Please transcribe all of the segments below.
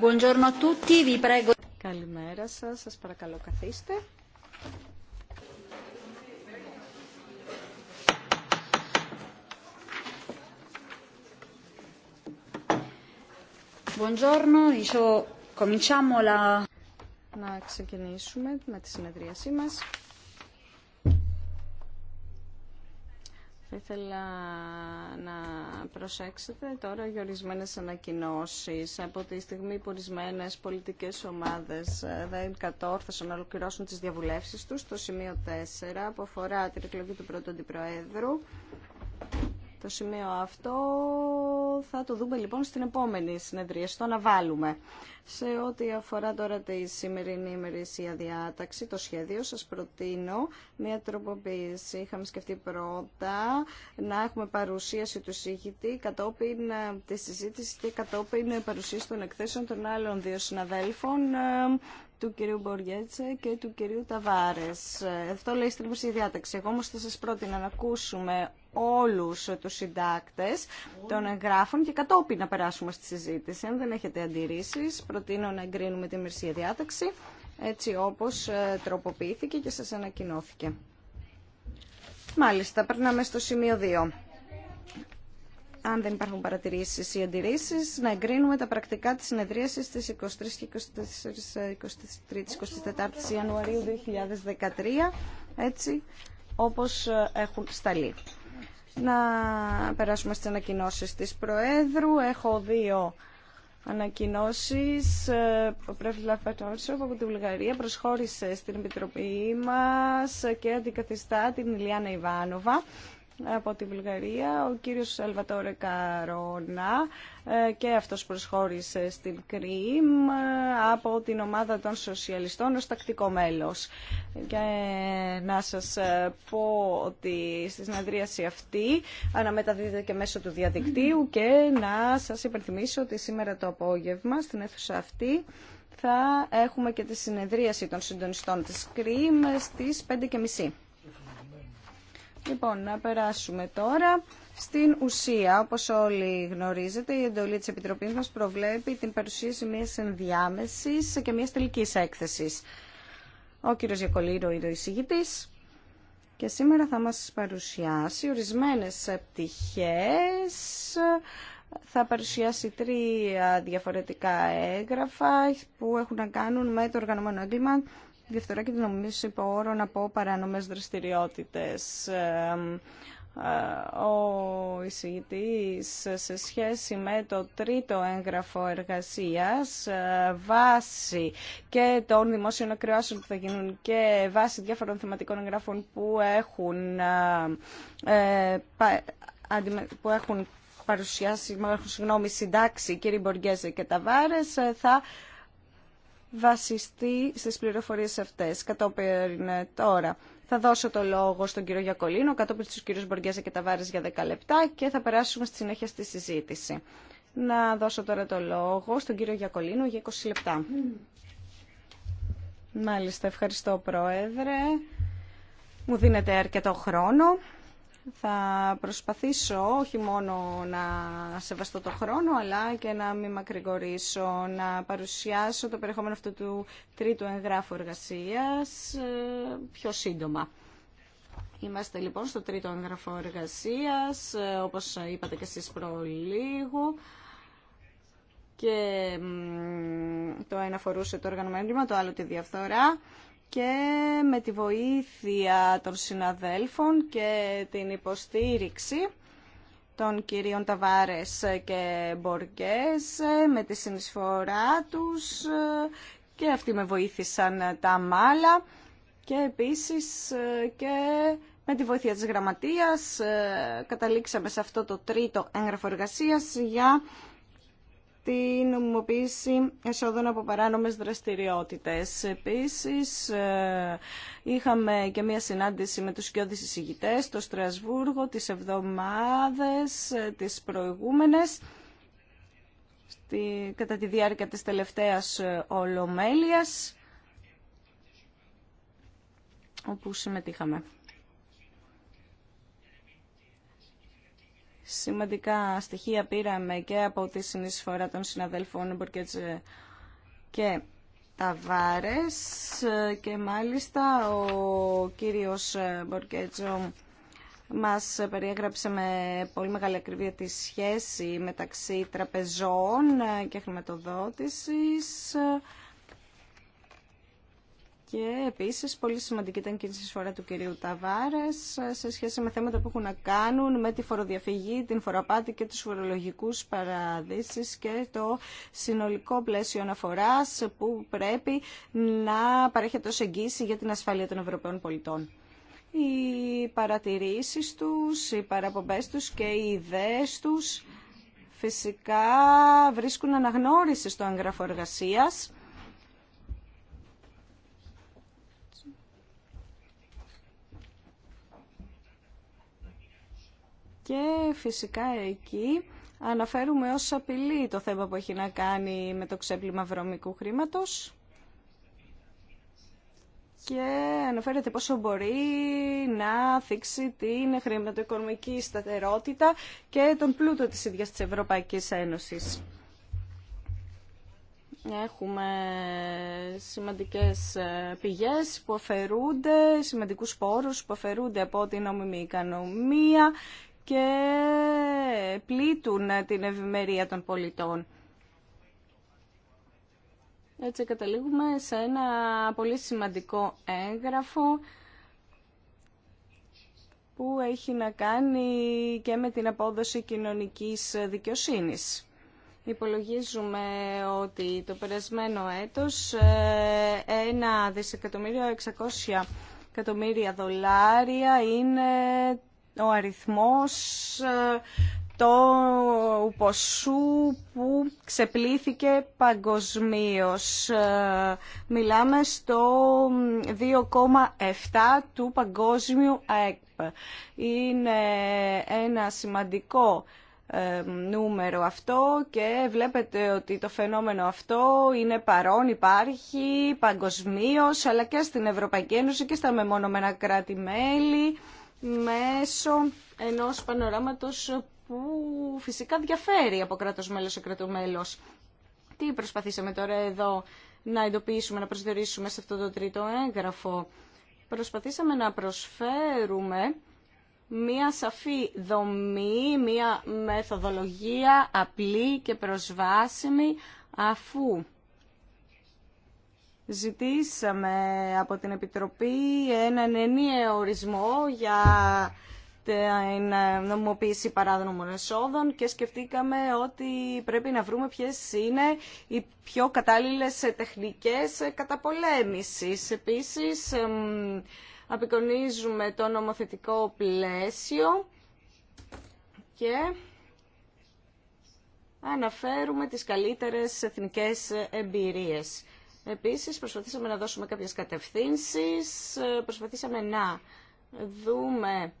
Buongiorno a tutti, vi prego. Καλημέρα σα, σα παρακαλώ καθίστε. Buongiorno, cominciamo la... Να ξεκινήσουμε με τη συνεδρίασή μας. ήθελα να προσέξετε τώρα για ορισμένε ανακοινώσει. Από τη στιγμή που ορισμένε πολιτικέ ομάδε ε, δεν κατόρθωσαν να ολοκληρώσουν τι διαβουλεύσει του, το σημείο 4 που αφορά την εκλογή του πρώτου αντιπροέδρου. Το σημείο αυτό θα το δούμε λοιπόν στην επόμενη συνεδρία, στο να βάλουμε. Σε ό,τι αφορά τώρα τη σημερινή ημερησία διάταξη, το σχέδιο σας προτείνω μια τροποποίηση. Είχαμε σκεφτεί πρώτα να έχουμε παρουσίαση του συγχητή κατόπιν ε, τη συζήτηση και κατόπιν παρουσίαση των εκθέσεων των άλλων δύο συναδέλφων ε, του κυρίου Μποριέτσε και του κυρίου Ταβάρες. Αυτό λέει στην δημοσία διάταξη. Εγώ όμως θα σας πρότεινα να ακούσουμε όλους τους συντάκτες των εγγράφων και κατόπιν να περάσουμε στη συζήτηση. Αν δεν έχετε αντιρρήσεις, προτείνω να εγκρίνουμε τη μερσία διάταξη έτσι όπως ε, τροποποιήθηκε και σας ανακοινώθηκε. Μάλιστα, περνάμε στο σημείο 2 αν δεν υπάρχουν παρατηρήσει ή αντιρρήσει, να εγκρίνουμε τα πρακτικά τη συνεδρίασης τη 23 και 24, 23, Ιανουαρίου 2013, έτσι όπω έχουν σταλεί. Να περάσουμε στι ανακοινώσει τη Προέδρου. Έχω δύο ανακοινώσει. Ο Πρέφη Λαφατόνσοφ από τη Βουλγαρία προσχώρησε στην Επιτροπή μα και αντικαθιστά την Ιλιάνα Ιβάνοβα από τη Βουλγαρία, ο κύριος Σαλβατόρε Καρόνα ε, και αυτός προσχώρησε στην ΚΡΙΜ ε, από την ομάδα των σοσιαλιστών ως τακτικό μέλος. Και ε, να σας πω ότι στη συνεδρίαση αυτή αναμεταδίδεται και μέσω του διαδικτύου και να σας υπενθυμίσω ότι σήμερα το απόγευμα στην αίθουσα αυτή θα έχουμε και τη συνεδρίαση των συντονιστών της ΚΡΙΜ στις 5.30. Λοιπόν, να περάσουμε τώρα στην ουσία. Όπως όλοι γνωρίζετε, η εντολή της Επιτροπής μας προβλέπει την παρουσίαση μιας ενδιάμεσης και μια τελικής έκθεσης. Ο κύριος Γιακολίρο είναι ο εισηγητής και σήμερα θα μας παρουσιάσει ορισμένες πτυχές θα παρουσιάσει τρία διαφορετικά έγγραφα που έχουν να κάνουν με το οργανωμένο έγκλημα, διαφθορά και την νομιμίωση υπό όρων από παράνομες δραστηριότητες. Ε, ο εισηγητής σε σχέση με το τρίτο έγγραφο εργασίας ε, βάσει και των δημόσιων ακριώσεων που θα γίνουν και βάσει διάφορων θεματικών εγγράφων που έχουν, ε, που έχουν παρουσιάσει, μάλλον έχουν συγγνώμη, συντάξει κύριοι Μποργέζε και Ταβάρες θα βασιστεί στις πληροφορίες αυτές κατόπιν ε, τώρα. Θα δώσω το λόγο στον κύριο Γιακολίνο, κατόπιν στους κύριους Μποργέζα και Ταβάρης για 10 λεπτά και θα περάσουμε στη συνέχεια στη συζήτηση. Να δώσω τώρα το λόγο στον κύριο Γιακολίνο για 20 λεπτά. Μάλιστα, ευχαριστώ Πρόεδρε. Μου δίνετε αρκετό χρόνο. Θα προσπαθήσω όχι μόνο να σεβαστώ το χρόνο, αλλά και να μην μακρηγορήσω, να παρουσιάσω το περιεχόμενο αυτού του τρίτου εγγράφου εργασίας ε, πιο σύντομα. Είμαστε λοιπόν στο τρίτο εγγραφό εργασίας, ε, όπως είπατε και εσείς προλίγου. Και το ένα αφορούσε το οργανωμένο το άλλο τη διαφθορά και με τη βοήθεια των συναδέλφων και την υποστήριξη των κυρίων Ταβάρες και Μποργκές με τη συνεισφορά τους και αυτοί με βοήθησαν τα μάλα και επίσης και με τη βοήθεια της γραμματείας ε, καταλήξαμε σε αυτό το τρίτο έγγραφο εργασίας για την νομιμοποίηση εσόδων από παράνομες δραστηριότητες. Επίσης, ε, είχαμε και μία συνάντηση με τους κοιόδης εισηγητές στο Στρασβούργο τις εβδομάδες, ε, τις προηγούμενες, κατά τη διάρκεια της τελευταίας ε, Ολομέλειας, όπου συμμετείχαμε. Σημαντικά στοιχεία πήραμε και από τη συνεισφορά των συναδέλφων Μπορκέτζο και Ταβάρες και μάλιστα ο κύριος Μπορκέτζο μας περιέγραψε με πολύ μεγάλη ακρίβεια τη σχέση μεταξύ τραπεζών και χρηματοδότησης και επίσης πολύ σημαντική ήταν και η συσφορά του κυρίου Ταβάρε σε σχέση με θέματα που έχουν να κάνουν με τη φοροδιαφυγή, την φοροπάτη και τους φορολογικού παραδείσει και το συνολικό πλαίσιο αναφοράς που πρέπει να παρέχεται ως εγγύηση για την ασφάλεια των Ευρωπαίων πολιτών οι παρατηρήσεις τους, οι παραπομπές τους και οι ιδέες τους φυσικά βρίσκουν αναγνώριση στο έγγραφο εργασίας και φυσικά εκεί αναφέρουμε ως απειλή το θέμα που έχει να κάνει με το ξέπλυμα βρωμικού χρήματος και αναφέρεται πόσο μπορεί να θίξει την χρηματοοικονομική σταθερότητα και τον πλούτο της ίδιας της Ευρωπαϊκής Ένωσης. Έχουμε σημαντικές ε, πηγές που αφαιρούνται, σημαντικούς πόρους που αφαιρούνται από την νόμιμη οικονομία και πλήττουν την ευημερία των πολιτών. Έτσι καταλήγουμε σε ένα πολύ σημαντικό έγγραφο που έχει να κάνει και με την απόδοση κοινωνικής δικαιοσύνης. Υπολογίζουμε ότι το περασμένο έτος ε, ένα δισεκατομμύριο 600 εκατομμύρια δολάρια είναι ο αριθμός ε, το ποσού που ξεπλήθηκε παγκοσμίως. Ε, μιλάμε στο 2,7 του παγκόσμιου ΑΕΚΠ. Είναι ένα σημαντικό ε, νούμερο αυτό και βλέπετε ότι το φαινόμενο αυτό είναι παρόν, υπάρχει παγκοσμίως αλλά και στην Ευρωπαϊκή Ένωση και στα μεμονωμένα κράτη-μέλη μέσω ενός πανοράματος που φυσικά διαφέρει από κράτος μέλος σε κράτος μέλος. Τι προσπαθήσαμε τώρα εδώ να εντοπίσουμε, να προσδιορίσουμε σε αυτό το τρίτο έγγραφο. Προσπαθήσαμε να προσφέρουμε μία σαφή δομή, μία μεθοδολογία απλή και προσβάσιμη αφού ζητήσαμε από την Επιτροπή έναν ενιαίο ορισμό για την νομιμοποίηση παράδομων εσόδων και σκεφτήκαμε ότι πρέπει να βρούμε ποιες είναι οι πιο κατάλληλες τεχνικές καταπολέμησης. Επίσης, απεικονίζουμε το νομοθετικό πλαίσιο και αναφέρουμε τις καλύτερες εθνικές εμπειρίες. Επίσης προσπαθήσαμε να δώσουμε κάποιες κατευθύνσεις, ε, προσπαθήσαμε να δούμε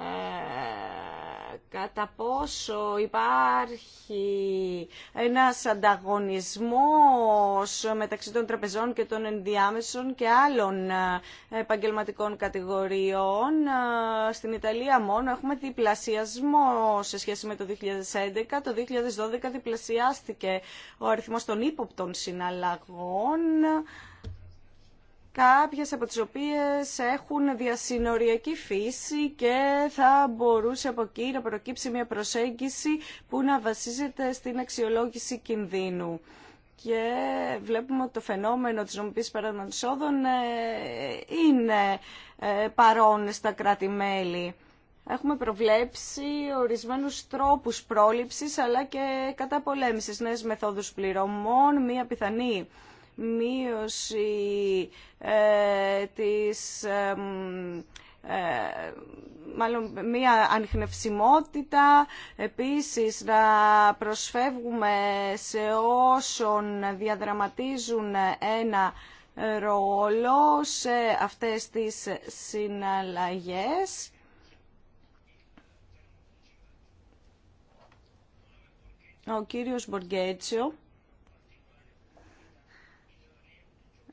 ε, κατά πόσο υπάρχει ένας ανταγωνισμός μεταξύ των τραπεζών και των ενδιάμεσων και άλλων ε, επαγγελματικών κατηγοριών. Ε, στην Ιταλία μόνο έχουμε διπλασιασμό σε σχέση με το 2011. Το 2012 διπλασιάστηκε ο αριθμός των ύποπτων συναλλαγών κάποιες από τις οποίες έχουν διασυνοριακή φύση και θα μπορούσε από εκεί να προκύψει μια προσέγγιση που να βασίζεται στην αξιολόγηση κινδύνου. Και βλέπουμε ότι το φαινόμενο της νομικής παρανοσόδων ε, είναι ε, παρόν στα κράτη-μέλη. Έχουμε προβλέψει ορισμένους τρόπους πρόληψης αλλά και καταπολέμησης, νέες μεθόδους πληρωμών, μία πιθανή μείωση ε, της... Ε, μάλλον μία ανιχνευσιμότητα, επίσης να προσφεύγουμε σε όσων διαδραματίζουν ένα ρόλο σε αυτές τις συναλλαγές. Ο κύριος Μποργκέτσιο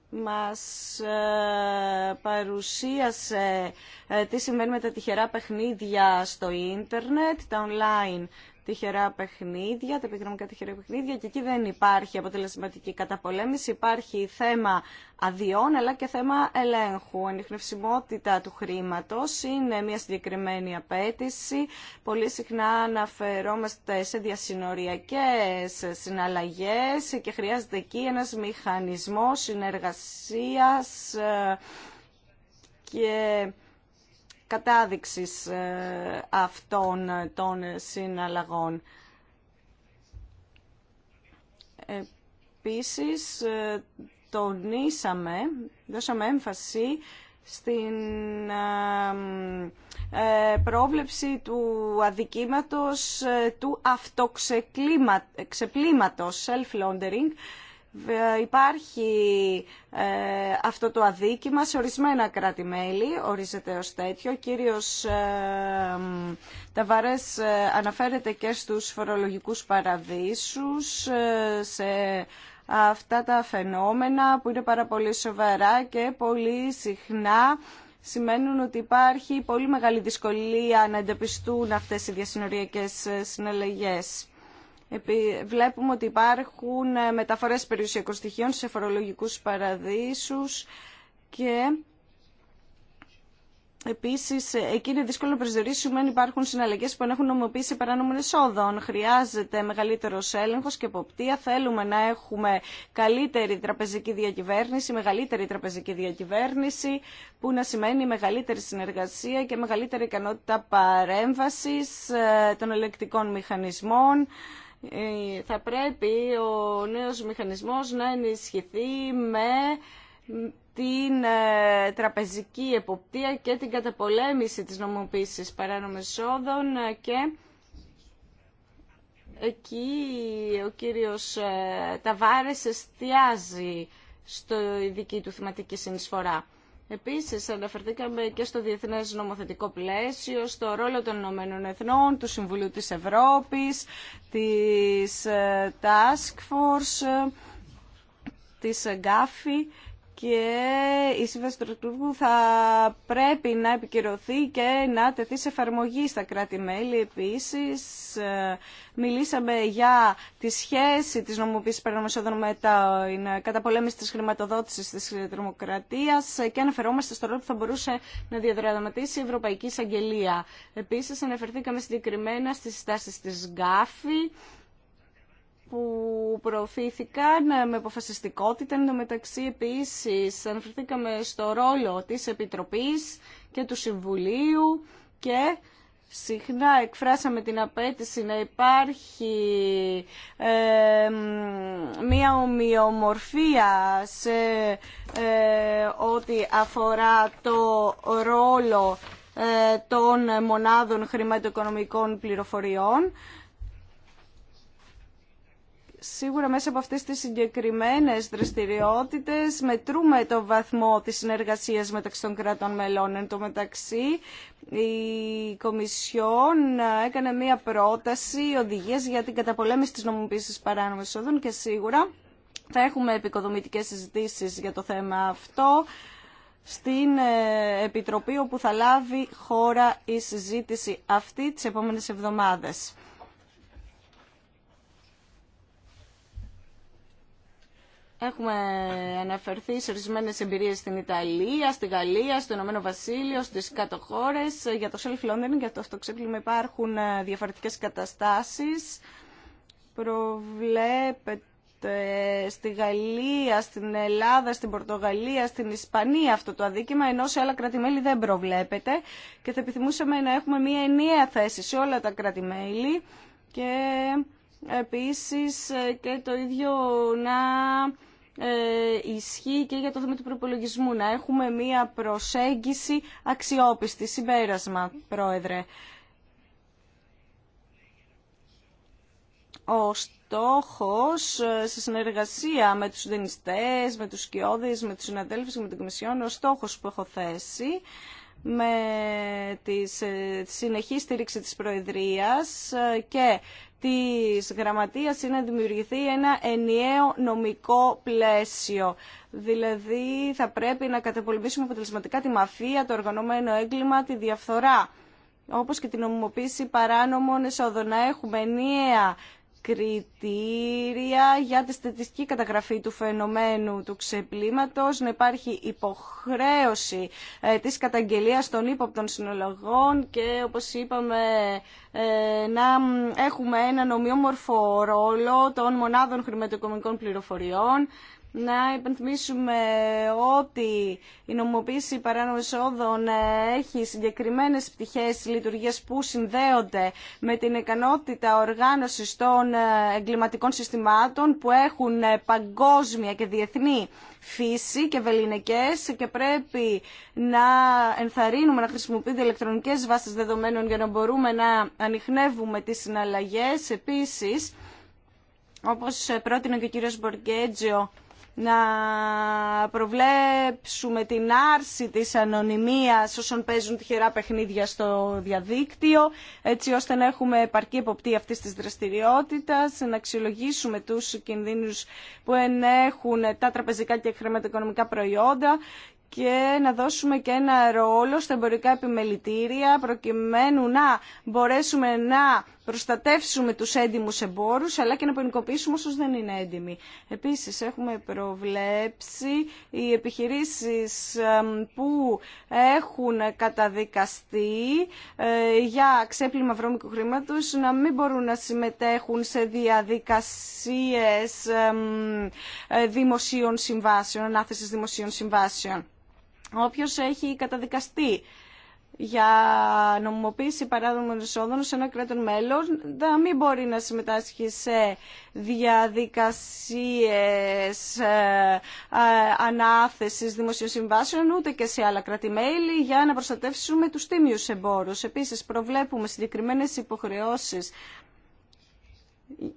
μας ε, παρουσίασε ε, τι συμβαίνει με τα τυχερά παιχνίδια στο ίντερνετ, τα online τυχερά παιχνίδια, τα επιγραμμικά τυχερά παιχνίδια και εκεί δεν υπάρχει αποτελεσματική καταπολέμηση. Υπάρχει θέμα αδειών αλλά και θέμα ελέγχου. Ανιχνευσιμότητα του χρήματος είναι μια συγκεκριμένη απέτηση. Πολύ συχνά αναφερόμαστε σε διασυνοριακές συναλλαγές και χρειάζεται εκεί ένας μηχανισμός συνεργασίας ε, και κατάδειξης ε, αυτών των συναλλαγών. Επίσης, ε, τονίσαμε, δώσαμε έμφαση στην ε, πρόβλεψη του αδικήματος του αυτοξεπλήματος, self-laundering, ε, υπάρχει ε, αυτό το αδίκημα σε ορισμένα κράτη-μέλη, ορίζεται ως τέτοιο. Ο κύριος ε, Ταβαρές αναφέρεται και στους φορολογικούς παραδείσους, σε αυτά τα φαινόμενα που είναι πάρα πολύ σοβαρά και πολύ συχνά σημαίνουν ότι υπάρχει πολύ μεγάλη δυσκολία να εντοπιστούν αυτές οι διασυνοριακές συναλλαγές. Βλέπουμε ότι υπάρχουν ε, μεταφορές περιουσιακών στοιχείων σε φορολογικούς παραδείσους και επίσης ε, εκεί είναι δύσκολο να προσδιορίσουμε αν υπάρχουν συναλλαγές που έχουν νομοποίηση παράνομων εσόδων. Χρειάζεται μεγαλύτερο έλεγχος και εποπτεία. Θέλουμε να έχουμε καλύτερη τραπεζική διακυβέρνηση, μεγαλύτερη τραπεζική διακυβέρνηση που να σημαίνει μεγαλύτερη συνεργασία και μεγαλύτερη ικανότητα παρέμβασης ε, των ελεκτικών μηχανισμών ε, θα πρέπει ο νέος μηχανισμός να ενισχυθεί με την ε, τραπεζική εποπτεία και την καταπολέμηση της νομοποίησης παράνομων εισόδων ε, και εκεί ο κύριος Ταβάρες εστιάζει στο δική του θεματική συνεισφορά. Επίσης αναφερθήκαμε και στο διεθνές νομοθετικό πλαίσιο, στο ρόλο των Ηνωμένων Εθνών, του Συμβουλίου της Ευρώπης, της ε, Task Force, ε, της ΓΚΑΦΗ ε, και η σύμβαση του θα πρέπει να επικυρωθεί και να τεθεί σε εφαρμογή στα κράτη-μέλη. Επίσης, ε, μιλήσαμε για τη σχέση της νομοποίησης παραμεσόδων με τα ε, καταπολέμηση της χρηματοδότησης της τρομοκρατίας ε, και αναφερόμαστε στο ρόλο που θα μπορούσε να διαδραματίσει η Ευρωπαϊκή Εισαγγελία. Επίσης, αναφερθήκαμε συγκεκριμένα στις συστάσεις της ΓΚΑΦΗ που προωθήθηκαν με αποφασιστικότητα. Εν μεταξύ, επίσης, αναφερθήκαμε στο ρόλο της Επιτροπής και του Συμβουλίου και συχνά εκφράσαμε την απέτηση να υπάρχει μία ομοιομορφία σε ε, ό,τι αφορά το ρόλο ε, των μονάδων χρηματοοικονομικών πληροφοριών Σίγουρα μέσα από αυτές τις συγκεκριμένες δραστηριότητες μετρούμε το βαθμό της συνεργασίας μεταξύ των κρατών μελών. Εν τω μεταξύ η Κομισιόν έκανε μία πρόταση οδηγίες για την καταπολέμηση της νομοποίησης παράνομης οδών και σίγουρα θα έχουμε επικοδομητικές συζητήσεις για το θέμα αυτό στην ε, Επιτροπή όπου θα λάβει χώρα η συζήτηση αυτή τις επόμενες εβδομάδες. Έχουμε αναφερθεί σε ορισμένε εμπειρίε στην Ιταλία, στη Γαλλία, στο Ηνωμένο Βασίλειο, στι κάτω χώρε. Για το self learning, και το αυτοξέπλυμα υπάρχουν ε, διαφορετικέ καταστάσει. Προβλέπεται στη Γαλλία, στην Ελλάδα, στην Πορτογαλία, στην Ισπανία αυτό το αδίκημα, ενώ σε άλλα κρατημέλη δεν προβλέπεται και θα επιθυμούσαμε να έχουμε μια ενιαία θέση σε όλα τα κρατημέλη και επίσης ε, και το ίδιο να ε, ισχύει και για το θέμα του προπολογισμού. Να έχουμε μία προσέγγιση αξιόπιστη. Συμπέρασμα, Πρόεδρε. Ο στόχος ε, σε συνεργασία με τους συντενιστές, με τους σκιώδες, με τους συναδέλφους και με την Κομισιόν, ο στόχος που έχω θέσει με ε, τη συνεχή στήριξη της Προεδρίας ε, και της Γραμματείας είναι να δημιουργηθεί ένα ενιαίο νομικό πλαίσιο. Δηλαδή θα πρέπει να κατεπολεμήσουμε αποτελεσματικά τη μαφία, το οργανωμένο έγκλημα, τη διαφθορά όπως και την νομιμοποίηση παράνομων εσόδων. Να έχουμε ενιαία κριτήρια για τη στατιστική καταγραφή του φαινομένου του ξεπλήματος, να υπάρχει υποχρέωση ε, της καταγγελίας των ύποπτων συνολογών και όπως είπαμε ε, να έχουμε έναν ομοιόμορφο ρόλο των μονάδων χρηματοοικονομικών πληροφοριών να υπενθυμίσουμε ότι η νομοποίηση παράνομων εισόδων ε, έχει συγκεκριμένες πτυχέ λειτουργίας που συνδέονται με την ικανότητα οργάνωση των ε, εγκληματικών συστημάτων που έχουν ε, παγκόσμια και διεθνή φύση και βεληνικέ και πρέπει να ενθαρρύνουμε να χρησιμοποιούνται ηλεκτρονικές βάσεις δεδομένων για να μπορούμε να ανοιχνεύουμε τι συναλλαγές. Επίσης, όπως πρότεινε και ο κύριος να προβλέψουμε την άρση της ανωνυμίας όσων παίζουν τυχερά παιχνίδια στο διαδίκτυο, έτσι ώστε να έχουμε επαρκή εποπτή αυτής της δραστηριότητας, να αξιολογήσουμε τους κινδύνους που ενέχουν τα τραπεζικά και χρηματοοικονομικά προϊόντα και να δώσουμε και ένα ρόλο στα εμπορικά επιμελητήρια προκειμένου να μπορέσουμε να προστατεύσουμε τους έντιμους εμπόρους, αλλά και να ποινικοποιήσουμε όσους δεν είναι έντιμοι. Επίσης, έχουμε προβλέψει οι επιχειρήσεις που έχουν καταδικαστεί ε, για ξέπλυμα βρώμικου χρήματος να μην μπορούν να συμμετέχουν σε διαδικασίες ε, δημοσίων συμβάσεων, ανάθεσης δημοσίων συμβάσεων. Όποιος έχει καταδικαστεί για νομιμοποίηση παράδομων εισόδων σε ένα κράτο μέλος να μην μπορεί να συμμετάσχει σε διαδικασίες ε, ε, ανάθεσης δημοσίων συμβάσεων ούτε και σε άλλα κράτη-μέλη για να προστατεύσουμε τους τίμιους εμπόρους. Επίσης προβλέπουμε συγκεκριμένες υποχρεώσεις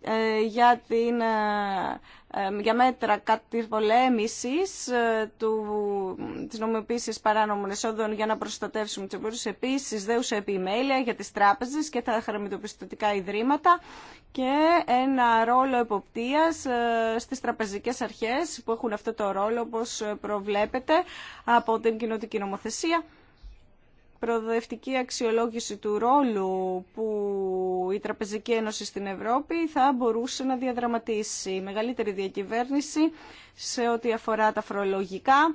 ε, για, την, ε, ε, για μέτρα κατά της πολέμησης του, της παράνομων εσόδων για να προστατεύσουμε τι εμπορούς Επίσης, δέουσα επιμέλεια για τις τράπεζες και τα χρηματοπιστωτικά ιδρύματα και ένα ρόλο εποπτείας στις τραπεζικές αρχές που έχουν αυτό το ρόλο όπως προβλέπεται από την κοινωτική νομοθεσία προοδευτική αξιολόγηση του ρόλου που η Τραπεζική Ένωση στην Ευρώπη θα μπορούσε να διαδραματίσει μεγαλύτερη διακυβέρνηση σε ό,τι αφορά τα φορολογικά.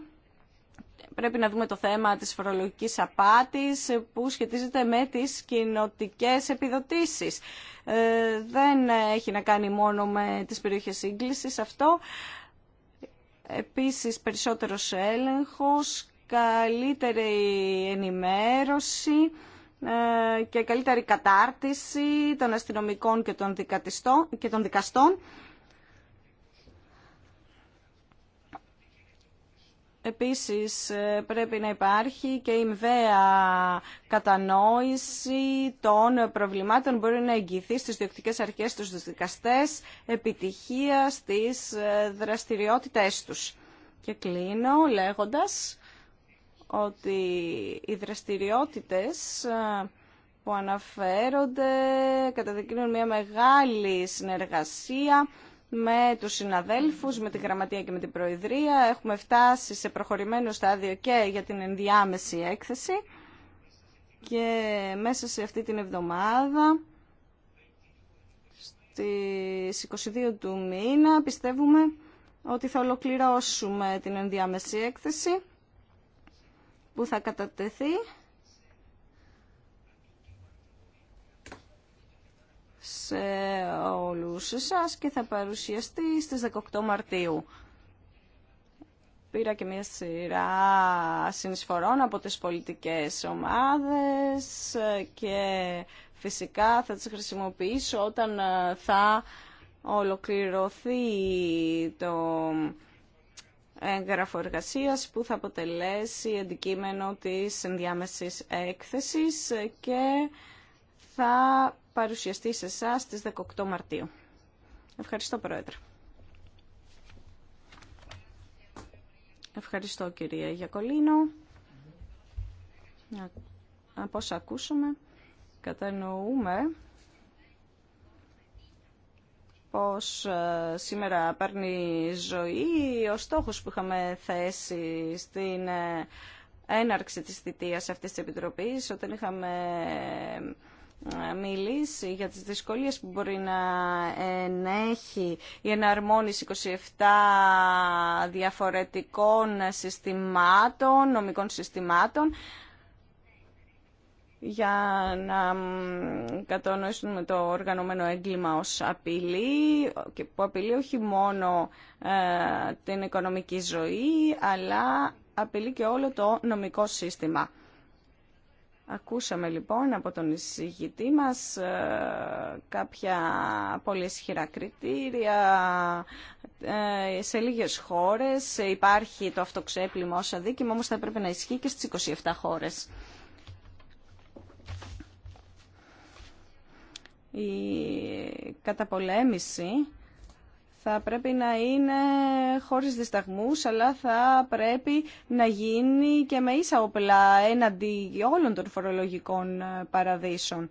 Πρέπει να δούμε το θέμα της φορολογικής απάτης που σχετίζεται με τις κοινοτικές επιδοτήσεις. Ε, δεν έχει να κάνει μόνο με τις περιοχές σύγκλησης αυτό. Επίσης περισσότερος έλεγχος, καλύτερη ενημέρωση ε, και καλύτερη κατάρτιση των αστυνομικών και των, και των δικαστών. Επίσης ε, πρέπει να υπάρχει και η μηβαία κατανόηση των προβλημάτων που μπορεί να εγγυηθεί στις διοκτικές αρχές τους τους δικαστές επιτυχία στις ε, δραστηριότητες τους. Και κλείνω λέγοντας ότι οι δραστηριότητες ε, που αναφέρονται καταδεικνύουν μια μεγάλη συνεργασία με τους συναδέλφους, με την Γραμματεία και με την Προεδρία. Έχουμε φτάσει σε προχωρημένο στάδιο και για την ενδιάμεση έκθεση και μέσα σε αυτή την εβδομάδα στις 22 του μήνα πιστεύουμε ότι θα ολοκληρώσουμε την ενδιάμεση έκθεση που θα κατατεθεί σε όλους εσάς και θα παρουσιαστεί στις 18 Μαρτίου. Πήρα και μια σειρά συνεισφορών από τις πολιτικές ομάδες και φυσικά θα τις χρησιμοποιήσω όταν ε, θα ολοκληρωθεί το έγγραφο που θα αποτελέσει αντικείμενο της ενδιάμεσης έκθεσης και θα παρουσιαστεί σε εσά στις 18 Μαρτίου. Ευχαριστώ Πρόεδρε. Ευχαριστώ κυρία Γιακολίνο. Από όσα ακούσαμε, κατανοούμε πώς ε, σήμερα παίρνει ζωή ο στόχος που είχαμε θέσει στην ε, έναρξη της θητείας αυτής της Επιτροπής όταν είχαμε ε, μιλήσει για τις δυσκολίες που μπορεί να ενέχει η εναρμόνιση 27 διαφορετικών συστημάτων, νομικών συστημάτων για να κατανοήσουμε το οργανωμένο έγκλημα ως απειλή, που απειλεί όχι μόνο ε, την οικονομική ζωή, αλλά απειλεί και όλο το νομικό σύστημα. Ακούσαμε λοιπόν από τον εισηγητή μας ε, κάποια πολύ ισχυρά κριτήρια. Ε, σε λίγες χώρες υπάρχει το αυτοξέπλημα ως αδίκημα, όμως θα πρέπει να ισχύει και στις 27 χώρες. η καταπολέμηση θα πρέπει να είναι χωρίς δισταγμούς, αλλά θα πρέπει να γίνει και με ίσα όπλα έναντι όλων των φορολογικών ε, παραδείσων.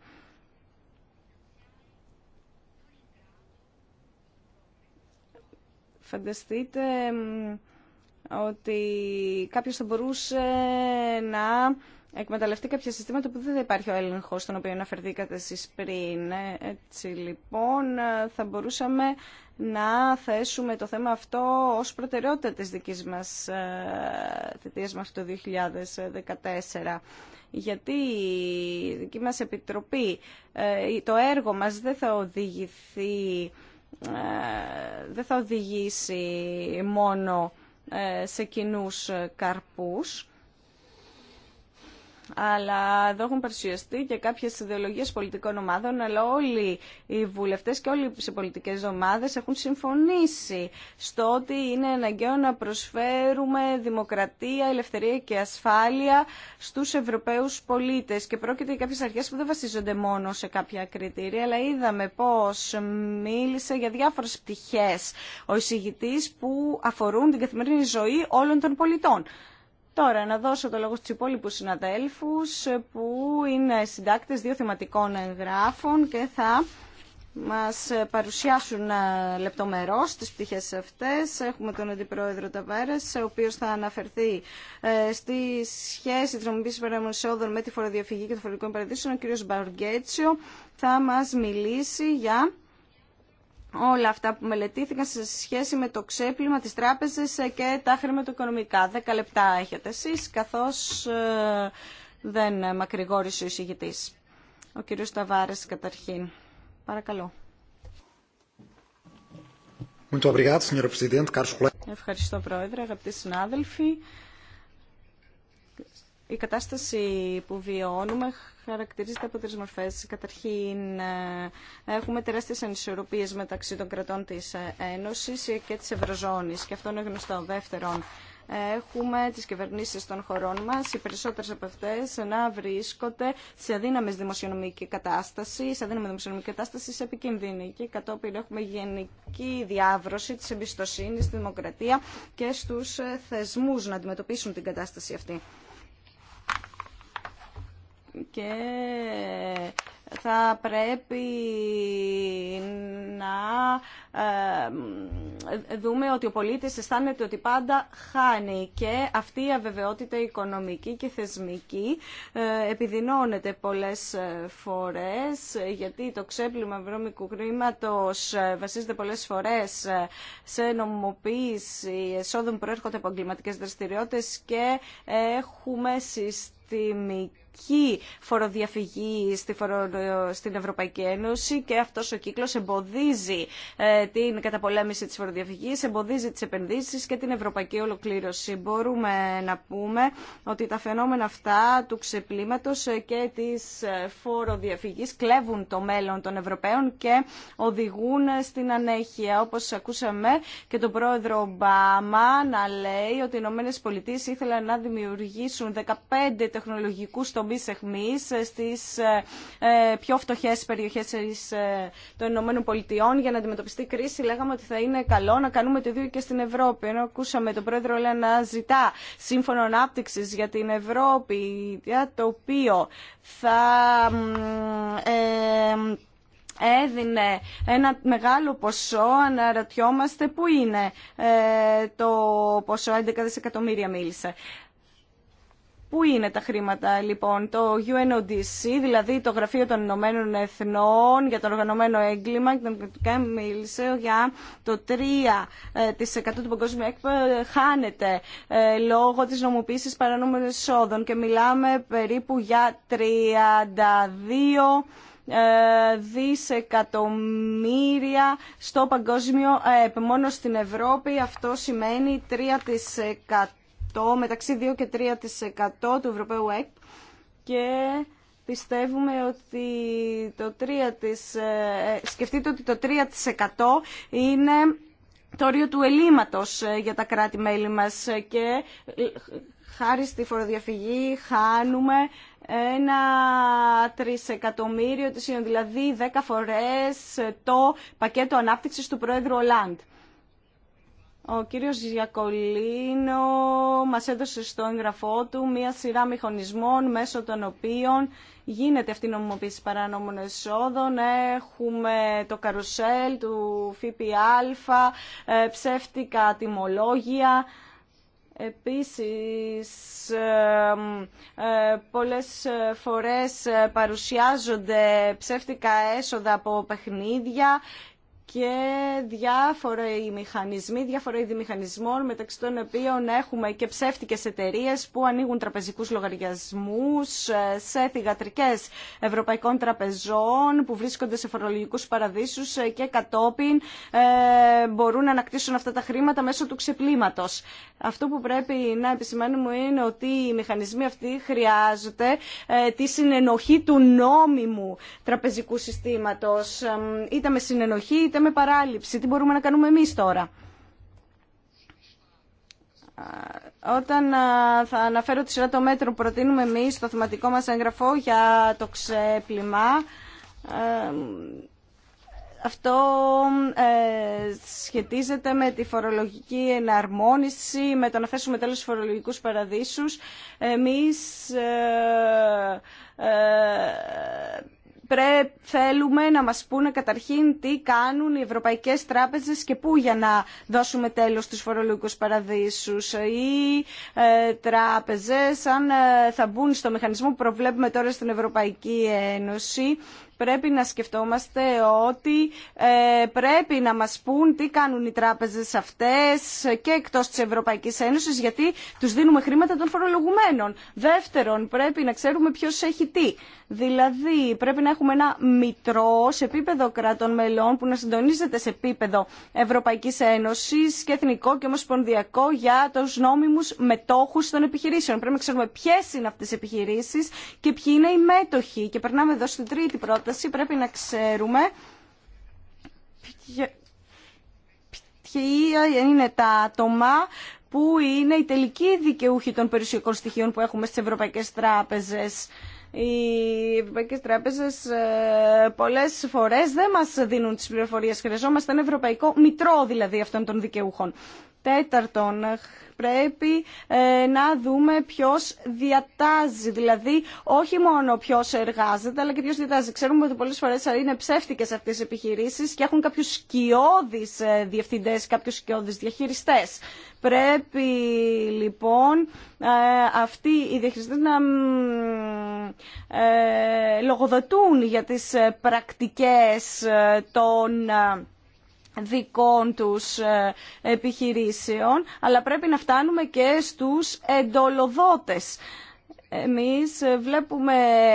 Φανταστείτε ότι κάποιος θα μπορούσε να εκμεταλλευτεί κάποια συστήματα που δεν θα υπάρχει ο έλεγχο στον οποίο αναφερθήκατε εσεί πριν. Ε, έτσι λοιπόν ε, θα μπορούσαμε να θέσουμε το θέμα αυτό ως προτεραιότητα της δικής μας ε, θητεία μας το 2014. Γιατί η δική μας επιτροπή, το έργο μας δεν θα οδηγηθεί δεν θα οδηγήσει μόνο σε κοινούς καρπούς, αλλά εδώ έχουν παρουσιαστεί και κάποιε ιδεολογίε πολιτικών ομάδων, αλλά όλοι οι βουλευτέ και όλοι οι πολιτικέ ομάδε έχουν συμφωνήσει στο ότι είναι αναγκαίο να προσφέρουμε δημοκρατία, ελευθερία και ασφάλεια στου Ευρωπαίους πολίτε. και πρόκειται για κάποιε αρχέ που δεν βασίζονται μόνο σε κάποια κριτήρια, αλλά είδαμε πώ μίλησε για διάφορε πτυχέ ο εισηγητή που αφορούν την καθημερινή ζωή όλων των πολιτών. Τώρα, να δώσω το λόγο στους υπόλοιπους συναδέλφους που είναι συντάκτες δύο θεματικών εγγράφων και θα μας παρουσιάσουν ε, λεπτομερώς τις πτυχές αυτές. Έχουμε τον Αντιπρόεδρο Ταβέρες, ο οποίος θα αναφερθεί ε, στη σχέση της νομιμής παραμονισόδων με τη φοροδιαφυγή και το φορολογικών παραδείσεων. Ο κ. Μπαουργέτσιο θα μας μιλήσει για όλα αυτά που μελετήθηκαν σε σχέση με το ξέπλυμα της τράπεζας και τα χρηματοοικονομικά. Δέκα λεπτά έχετε εσείς, καθώς ε, δεν μακρηγόρησε ο εισηγητής. Ο κύριος Ταβάρες καταρχήν. Παρακαλώ. Ευχαριστώ Πρόεδρε, αγαπητοί συνάδελφοι. Η κατάσταση που βιώνουμε χαρακτηρίζεται από τρεις μορφές. Καταρχήν ε, έχουμε τεράστιες ανισορροπίες μεταξύ των κρατών της ε, Ένωσης και της Ευρωζώνης και αυτό είναι γνωστό. Δεύτερον, έχουμε τις κυβερνήσεις των χωρών μας, οι περισσότερες από αυτές να βρίσκονται σε αδύναμη δημοσιονομική κατάσταση, σε αδύναμη δημοσιονομική κατάσταση σε επικίνδυνη και κατόπιν έχουμε γενική διάβρωση της εμπιστοσύνης στη δημοκρατία και στους ε, θεσμούς να αντιμετωπίσουν την κατάσταση αυτή και θα πρέπει να ε, δούμε ότι ο πολίτης αισθάνεται ότι πάντα χάνει και αυτή η αβεβαιότητα οικονομική και θεσμική ε, επιδεινώνεται πολλές ε, φορές γιατί το ξέπλυμα βρώμικου χρήματος βασίζεται πολλές φορές σε νομοποίηση εσόδων που προέρχονται από εγκληματικές δραστηριότητες και έχουμε συστήσει συστημική φοροδιαφυγή στην Ευρωπαϊκή Ένωση και αυτός ο κύκλος εμποδίζει ε, την καταπολέμηση της φοροδιαφυγής, εμποδίζει τις επενδύσεις και την ευρωπαϊκή ολοκλήρωση. Μπορούμε να πούμε ότι τα φαινόμενα αυτά του ξεπλήματος ε, και της ε, φοροδιαφυγής κλέβουν το μέλλον των Ευρωπαίων και οδηγούν στην ανέχεια. Όπως ακούσαμε και τον πρόεδρο Ομπάμα να λέει ότι οι Ηνωμένε Πολιτείε ήθελαν να δημιουργήσουν 15 τεχνολογικού τομείς εχμής ε, στις ε, ε, πιο φτωχές περιοχές των Ηνωμένων Πολιτειών για να αντιμετωπιστεί κρίση. Λέγαμε ότι θα είναι καλό να κάνουμε το ίδιο και στην Ευρώπη. Ενώ ακούσαμε τον πρόεδρο λέει, να ζητά σύμφωνο ανάπτυξη για την Ευρώπη, το οποίο θα... Ε, έδινε ένα μεγάλο ποσό, αναρωτιόμαστε πού είναι το ποσό, 11 δισεκατομμύρια μίλησε. Πού είναι τα χρήματα λοιπόν, το UNODC, δηλαδή το Γραφείο των Ηνωμένων Εθνών για το οργανωμένο έγκλημα και τον μίλησε για το 3% ε, του παγκόσμιου ΕΚΠ ε, χάνεται ε, λόγω της νομοποίησης παρανομενων εισόδων και μιλάμε περίπου για 32 δισεκατομμύρια στο παγκόσμιο ΕΠ. Μόνο στην Ευρώπη αυτό σημαίνει 3% μεταξύ 2 και 3% του Ευρωπαίου ΕΚ και πιστεύουμε ότι το 3 της, ε, σκεφτείτε ότι το 3% είναι το όριο του ελλείμματος ε, για τα κράτη-μέλη μας και ε, χάρη στη φοροδιαφυγή χάνουμε ένα τρισεκατομμύριο της δηλαδή 10 φορές το πακέτο ανάπτυξης του Πρόεδρου Ολάντ. Ο κύριος Γιακολίνο μας έδωσε στο εγγραφό του μία σειρά μηχανισμών μέσω των οποίων γίνεται αυτή η νομιμοποίηση παρανόμων εσόδων. Έχουμε το καρουσέλ του ΦΠΑ, ε, ψεύτικα τιμολόγια. Επίσης, ε, πολλές φορές παρουσιάζονται ψεύτικα έσοδα από παιχνίδια και διάφοροι μηχανισμοί, διάφοροι είδη μηχανισμών, μεταξύ των οποίων έχουμε και ψεύτικες εταιρείε που ανοίγουν τραπεζικούς λογαριασμούς ε, σε θηγατρικές ευρωπαϊκών τραπεζών που βρίσκονται σε φορολογικούς παραδείσους ε, και κατόπιν ε, μπορούν να ανακτήσουν αυτά τα χρήματα μέσω του ξεπλήματος. Αυτό που πρέπει να επισημαίνουμε είναι ότι οι μηχανισμοί αυτοί χρειάζονται τη συνενοχή του νόμιμου τραπεζικού συστήματος, είτε συνενοχή είτε με παράληψη. Τι μπορούμε να κάνουμε εμείς τώρα. Όταν θα αναφέρω τη σειρά των μέτρων που προτείνουμε εμείς στο θεματικό μας έγγραφο για το ξέπλυμα, αυτό ε, σχετίζεται με τη φορολογική εναρμόνιση, με το να θέσουμε τέλος στους φορολογικούς παραδείσους. Εμείς ε, ε θέλουμε να μας πούνε καταρχήν τι κάνουν οι ευρωπαϊκές τράπεζες και πού για να δώσουμε τέλος στους φορολογικούς παραδείσους. ή ε, τράπεζες αν ε, θα μπουν στο μηχανισμό που προβλέπουμε τώρα στην Ευρωπαϊκή Ένωση πρέπει να σκεφτόμαστε ότι ε, πρέπει να μας πούν τι κάνουν οι τράπεζες αυτές και εκτός της Ευρωπαϊκής Ένωσης γιατί τους δίνουμε χρήματα των φορολογουμένων. Δεύτερον, πρέπει να ξέρουμε ποιος έχει τι. Δηλαδή, πρέπει να έχουμε ένα μητρό σε επίπεδο κρατών μελών που να συντονίζεται σε επίπεδο Ευρωπαϊκής Ένωσης και εθνικό και ομοσπονδιακό για τους νόμιμους μετόχους των επιχειρήσεων. Πρέπει να ξέρουμε ποιες είναι αυτές οι επιχειρήσεις και ποιοι είναι οι μέτοχοι. Και περνάμε εδώ στην τρίτη πρόταση πρέπει να ξέρουμε ποιοι είναι τα άτομα που είναι οι τελικοί δικαιούχοι των περιουσιακών στοιχείων που έχουμε στις ευρωπαϊκές τράπεζες. Οι ευρωπαϊκές τράπεζες ε, πολλές φορές δεν μας δίνουν τις πληροφορίες. Χρειαζόμαστε ένα ευρωπαϊκό μητρό δηλαδή αυτών των δικαιούχων. Τέταρτον, πρέπει ε, να δούμε ποιος διατάζει. Δηλαδή, όχι μόνο ποιος εργάζεται, αλλά και ποιος διατάζει. Ξέρουμε ότι πολλές φορές είναι ψεύτικες αυτές οι επιχειρήσεις και έχουν κάποιους σκιώδεις ε, διευθυντές, κάποιους σκιώδεις διαχειριστές. Πρέπει λοιπόν ε, αυτοί οι διαχειριστές να λογοδοτούν για τις πρακτικές των δικών τους ε, επιχειρήσεων, αλλά πρέπει να φτάνουμε και στους εντολοδότες. Εμείς ε, βλέπουμε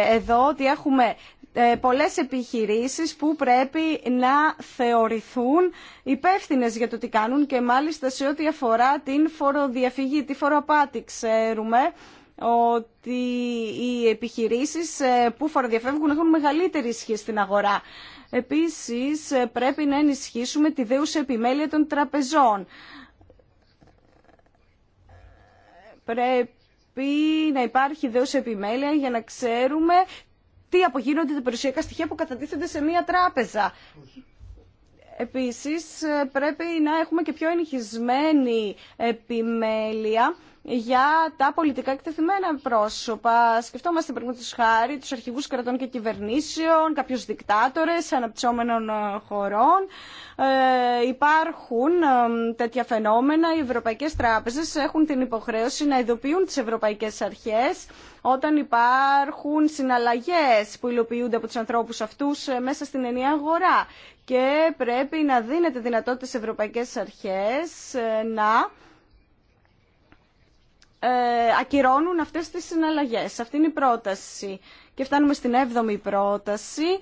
εδώ ότι έχουμε ε, πολλές επιχειρήσεις που πρέπει να θεωρηθούν υπεύθυνες για το τι κάνουν και μάλιστα σε ό,τι αφορά την φοροδιαφυγή, τη φοροαπάτη. Ξέρουμε ότι οι επιχειρήσεις που φοροδιαφεύγουν έχουν μεγαλύτερη ισχύ στην αγορά. Επίσης, ε, πρέπει να ενισχύσουμε τη δέουσα επιμέλεια των τραπεζών. Πρέπει να υπάρχει δέουσα επιμέλεια για να ξέρουμε τι απογίνονται τα περιουσιακά στοιχεία που κατατίθεται σε μία τράπεζα. Επίσης, ε, πρέπει να έχουμε και πιο ενισχυσμένη επιμέλεια για τα πολιτικά εκτεθειμένα πρόσωπα. Σκεφτόμαστε πριν τους χάρη τους αρχηγούς κρατών και κυβερνήσεων, κάποιους δικτάτορες αναπτυσσόμενων ε, χωρών. Ε, υπάρχουν ε, τέτοια φαινόμενα. Οι ευρωπαϊκές τράπεζες έχουν την υποχρέωση να ειδοποιούν τις ευρωπαϊκές αρχές όταν υπάρχουν συναλλαγές που υλοποιούνται από τους ανθρώπους αυτούς ε, μέσα στην ενιαία αγορά. Και πρέπει να δίνεται δυνατότητα στις ευρωπαϊκές αρχές ε, να ε, ακυρώνουν αυτές τις συναλλαγές. Αυτή είναι η πρόταση. Και φτάνουμε στην έβδομη πρόταση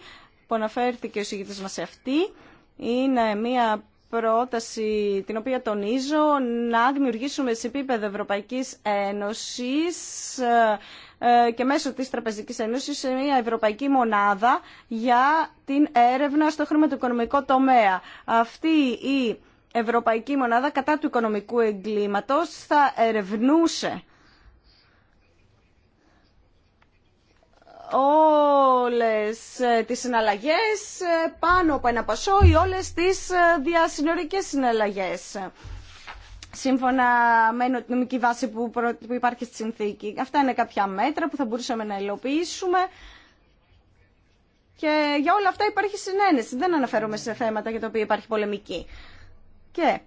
που αναφέρθηκε ο συγγητής μας σε αυτή. Είναι μια πρόταση την οποία τονίζω να δημιουργήσουμε σε επίπεδο Ευρωπαϊκής Ένωσης ε, ε, και μέσω της Τραπεζικής Ένωσης σε μια ευρωπαϊκή μονάδα για την έρευνα στο χρηματοοικονομικό τομέα. Αυτή η Ευρωπαϊκή Μονάδα κατά του οικονομικού εγκλήματος θα ερευνούσε όλες τις συναλλαγές ε, πάνω από ένα πασό ή όλες τις ε, διασυνορικές συναλλαγές σύμφωνα με την νομική βάση που υπάρχει στη συνθήκη. Αυτά είναι κάποια μέτρα που θα μπορούσαμε να υλοποιήσουμε. Και για όλα αυτά υπάρχει συνένεση. Δεν αναφέρομαι σε θέματα για τα οποία υπάρχει πολεμική. Και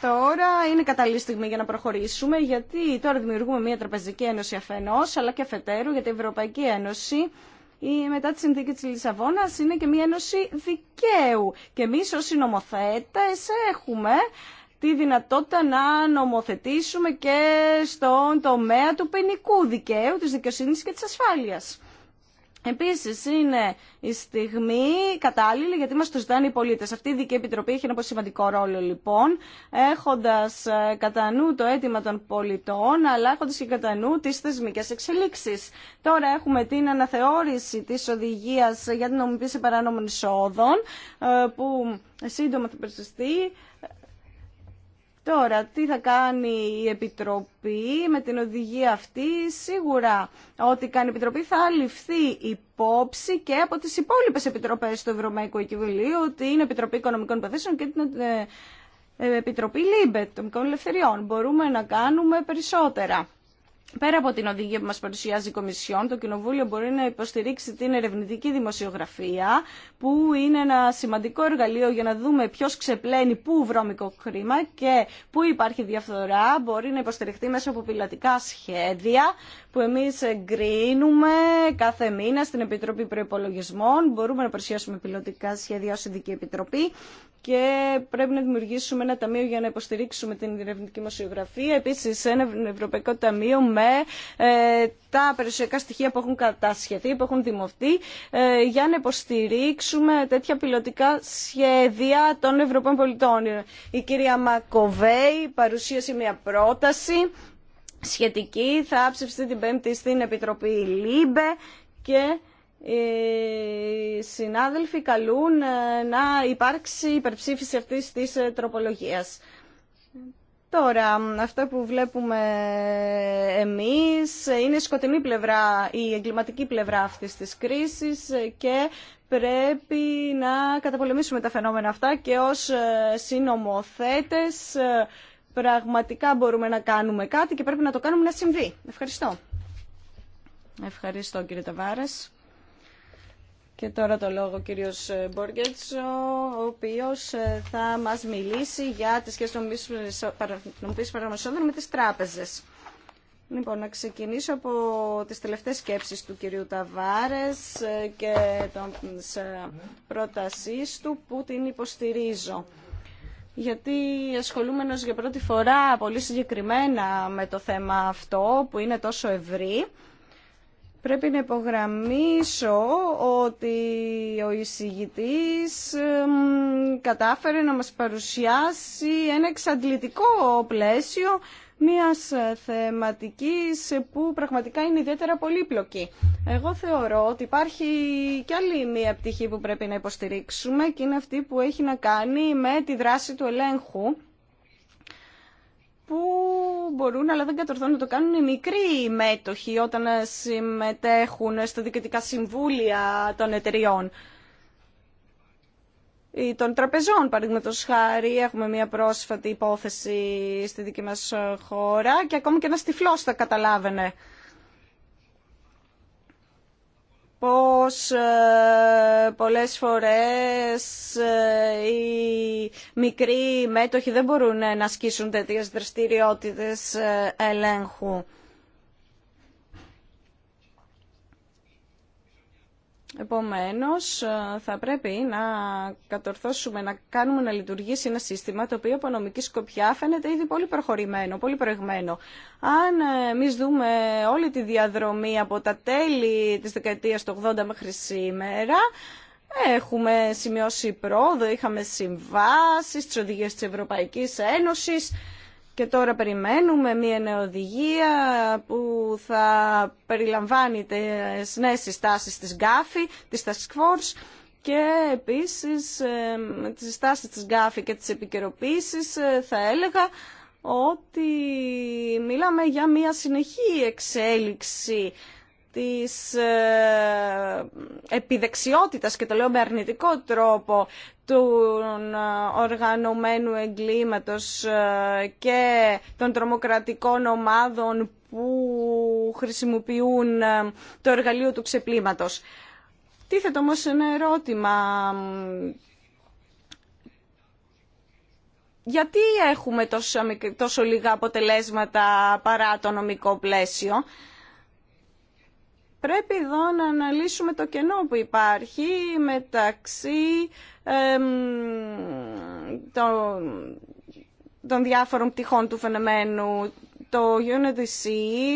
τώρα είναι κατάλληλη στιγμή για να προχωρήσουμε, γιατί τώρα δημιουργούμε μια τραπεζική ένωση αφενός, αλλά και αφετέρου, γιατί η Ευρωπαϊκή Ένωση μετά τη συνθήκη της Λισαβόνας είναι και μια ένωση δικαίου. Και εμείς ως συνομοθέτες έχουμε τη δυνατότητα να νομοθετήσουμε και στον τομέα του ποινικού δικαίου, της δικαιοσύνης και της ασφάλειας. Επίση, είναι η στιγμή κατάλληλη γιατί μα το ζητάνε οι πολίτε. Αυτή η Δική Επιτροπή έχει ένα πολύ σημαντικό ρόλο, λοιπόν, έχοντα ε, κατά νου το αίτημα των πολιτών, αλλά έχοντα και κατά νου τι θεσμικέ εξελίξει. Τώρα έχουμε την αναθεώρηση τη οδηγία για την νομιμοποίηση παράνομων εισόδων, ε, που σύντομα θα περσιστεί Τώρα, τι θα κάνει η Επιτροπή με την οδηγία αυτή, σίγουρα ό,τι κάνει η Επιτροπή θα ληφθεί υπόψη και από τις υπόλοιπες επιτροπές του Ευρωπαϊκού Κυβουλίου ότι είναι Επιτροπή Οικονομικών Υποθέσεων και την ε, ε, Επιτροπή ΛΥΜΠΕ, των Ελευθεριών. Μπορούμε να κάνουμε περισσότερα. Πέρα από την οδηγία που μας παρουσιάζει η Κομισιόν, το Κοινοβούλιο μπορεί να υποστηρίξει την ερευνητική δημοσιογραφία, που είναι ένα σημαντικό εργαλείο για να δούμε ποιος ξεπλένει πού βρώμικο χρήμα και πού υπάρχει διαφθορά. Μπορεί να υποστηριχθεί μέσα από πιλωτικά σχέδια που εμείς εγκρίνουμε κάθε μήνα στην Επιτροπή Προϋπολογισμών. Μπορούμε να παρουσιάσουμε πιλωτικά σχέδια ως Ειδική Επιτροπή και πρέπει να δημιουργήσουμε ένα ταμείο για να υποστηρίξουμε την ερευνητική δημοσιογραφία. Επίσης, ένα Ευρωπαϊκό Ταμείο δούμε ε, τα περιουσιακά στοιχεία που έχουν κατασχεθεί, που έχουν δημοφθεί, ε, για να υποστηρίξουμε τέτοια πιλωτικά σχέδια των Ευρωπαίων πολιτών. Η κυρία Μακοβέη παρουσίασε μια πρόταση σχετική, θα άψευστε την Πέμπτη στην Επιτροπή ΛΥΜΠΕ και οι ε, συνάδελφοι καλούν να υπάρξει υπερψήφιση αυτής της τροπολογίας. Τώρα, αυτό που βλέπουμε εμείς είναι η σκοτεινή πλευρά, η εγκληματική πλευρά αυτής της κρίσης και πρέπει να καταπολεμήσουμε τα φαινόμενα αυτά και ως ε, συνομοθέτες ε, πραγματικά μπορούμε να κάνουμε κάτι και πρέπει να το κάνουμε να συμβεί. Ευχαριστώ. Ευχαριστώ κύριε Ταβάρες. Και τώρα το λόγο ο κύριος ε, Μποργκέτσο, ο οποίος ε, θα μας μιλήσει για τις σχέσεις παραγωγή παραγωγησόδων με τις τράπεζες. Λοιπόν, να ξεκινήσω από τις τελευταίες σκέψεις του κυρίου Ταβάρες ε, και των πρότασής του που την υποστηρίζω. Γιατί ασχολούμενος για πρώτη φορά πολύ συγκεκριμένα με το θέμα αυτό που είναι τόσο ευρύ Πρέπει να υπογραμμίσω ότι ο εισηγητής κατάφερε να μας παρουσιάσει ένα εξαντλητικό πλαίσιο μιας θεματικής που πραγματικά είναι ιδιαίτερα πολύπλοκη. Εγώ θεωρώ ότι υπάρχει κι άλλη μία πτυχή που πρέπει να υποστηρίξουμε και είναι αυτή που έχει να κάνει με τη δράση του ελέγχου που μπορούν αλλά δεν κατορθώνουν να το κάνουν οι μικροί μέτοχοι όταν συμμετέχουν στα διοικητικά συμβούλια των εταιριών ή των τραπεζών, παραδείγματο χάρη. Έχουμε μια πρόσφατη υπόθεση στη δική μας χώρα και ακόμη και ένα τυφλός θα καταλάβαινε πως ε, πολλές φορές ε, οι μικροί μέτοχοι δεν μπορούν να ασκήσουν τέτοιες δραστηριότητες ε, ελέγχου. Επομένως, θα πρέπει να κατορθώσουμε να κάνουμε να λειτουργήσει ένα σύστημα το οποίο από νομική σκοπιά φαίνεται ήδη πολύ προχωρημένο, πολύ προηγμένο. Αν εμεί δούμε όλη τη διαδρομή από τα τέλη της δεκαετίας του 80 μέχρι σήμερα, έχουμε σημειώσει πρόοδο, είχαμε συμβάσει τις οδηγίες της Ευρωπαϊκής Ένωσης, και τώρα περιμένουμε μία νέα οδηγία που θα περιλαμβάνει τις νέες συστάσεις της ΓΚΑΦΗ, της Task και επίσης με τις συστάσεις της ΓΚΑΦΗ και τις επικαιροποίησεις ε, θα έλεγα ότι μιλάμε για μία συνεχή εξέλιξη της ε, επιδεξιότητας και το λέω με αρνητικό τρόπο του ε, οργανωμένου εγκλήματος ε, και των τρομοκρατικών ομάδων που χρησιμοποιούν το εργαλείο του ξεπλήματος. Τίθεται όμως ένα ερώτημα. Γιατί έχουμε τόσο, τόσο λίγα αποτελέσματα παρά το νομικό πλαίσιο. Πρέπει εδώ να αναλύσουμε το κενό που υπάρχει μεταξύ των, διάφορων πτυχών του φαινομένου το UNODC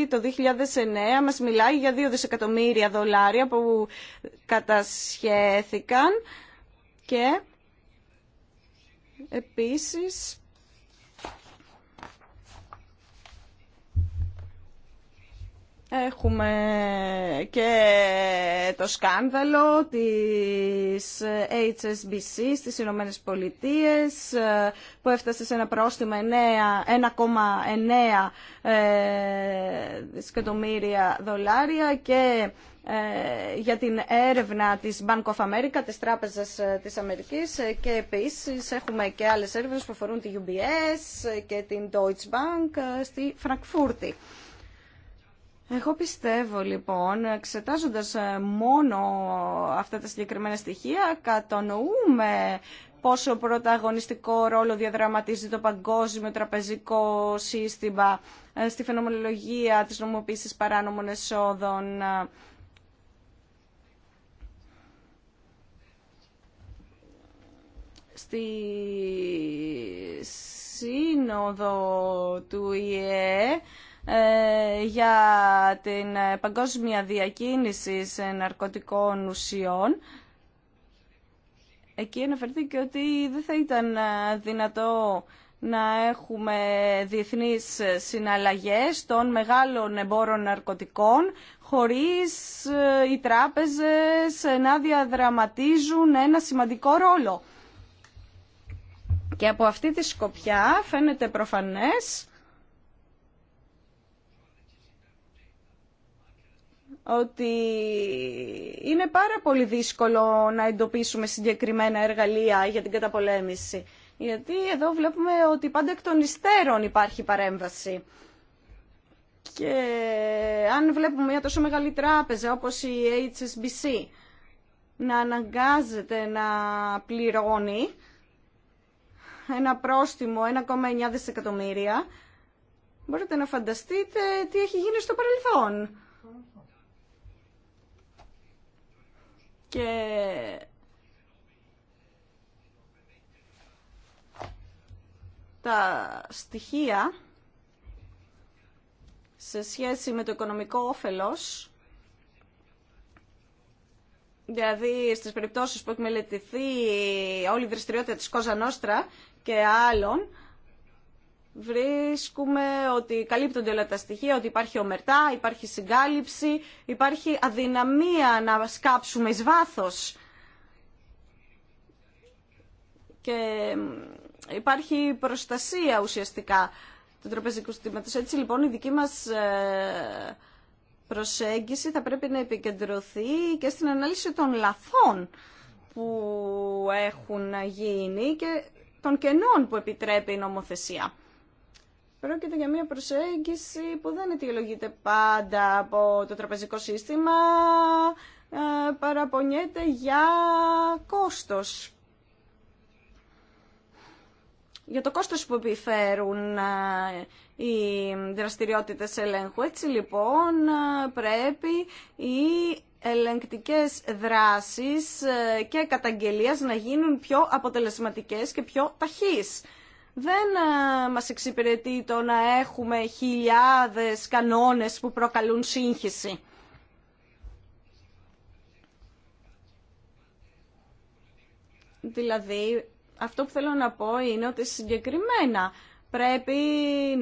το 2009 μας μιλάει για 2 δισεκατομμύρια δολάρια που κατασχέθηκαν και επίσης Έχουμε και το σκάνδαλο της HSBC στις Ηνωμένε Πολιτείε που έφτασε σε ένα πρόστιμο 1,9 ε, δισεκατομμύρια δολάρια και ε, για την έρευνα της Bank of America, της Τράπεζας ε, της Αμερικής και επίσης έχουμε και άλλες έρευνες που αφορούν τη UBS και την Deutsche Bank στη Φραγκφούρτη. Εγώ πιστεύω λοιπόν, εξετάζοντα ε, μόνο αυτά τα συγκεκριμένα στοιχεία, κατανοούμε πόσο πρωταγωνιστικό ρόλο διαδραματίζει το παγκόσμιο τραπεζικό σύστημα ε, στη φαινομολογία της νομοποίησης παράνομων εσόδων. Στη σύνοδο του ΙΕ ε, για την ε, παγκόσμια διακίνηση σε ναρκωτικών ουσιών. Εκεί και ότι δεν θα ήταν ε, δυνατό να έχουμε διεθνείς συναλλαγές των μεγάλων εμπόρων ναρκωτικών χωρίς οι τράπεζες να διαδραματίζουν ένα σημαντικό ρόλο. Και από αυτή τη σκοπιά φαίνεται προφανές ότι είναι πάρα πολύ δύσκολο να εντοπίσουμε συγκεκριμένα εργαλεία για την καταπολέμηση. Γιατί εδώ βλέπουμε ότι πάντα εκ των υστέρων υπάρχει παρέμβαση. Και αν βλέπουμε μια τόσο μεγάλη τράπεζα όπως η HSBC να αναγκάζεται να πληρώνει ένα πρόστιμο 1,9 δισεκατομμύρια, μπορείτε να φανταστείτε τι έχει γίνει στο παρελθόν. και τα στοιχεία σε σχέση με το οικονομικό όφελος Δηλαδή, στις περιπτώσεις που έχει μελετηθεί όλη η δραστηριότητα της Κόζα Νόστρα και άλλων, βρίσκουμε ότι καλύπτονται όλα τα στοιχεία, ότι υπάρχει ομερτά, υπάρχει συγκάλυψη, υπάρχει αδυναμία να σκάψουμε εις βάθος. Και υπάρχει προστασία ουσιαστικά του τραπεζικού συστήματος. Έτσι λοιπόν η δική μας ε, προσέγγιση θα πρέπει να επικεντρωθεί και στην ανάλυση των λαθών που έχουν γίνει και των κενών που επιτρέπει η νομοθεσία. Πρόκειται για μια προσέγγιση που δεν αιτιολογείται πάντα από το τραπεζικό σύστημα, ε, παραπονιέται για κόστος. Για το κόστος που επιφέρουν ε, οι δραστηριότητες ελέγχου. Έτσι λοιπόν ε, πρέπει οι ελεγκτικές δράσεις και καταγγελίας να γίνουν πιο αποτελεσματικές και πιο ταχύς δεν ε, μας εξυπηρετεί το να έχουμε χιλιάδες κανόνες που προκαλούν σύγχυση. Δηλαδή, αυτό που θέλω να πω είναι ότι συγκεκριμένα πρέπει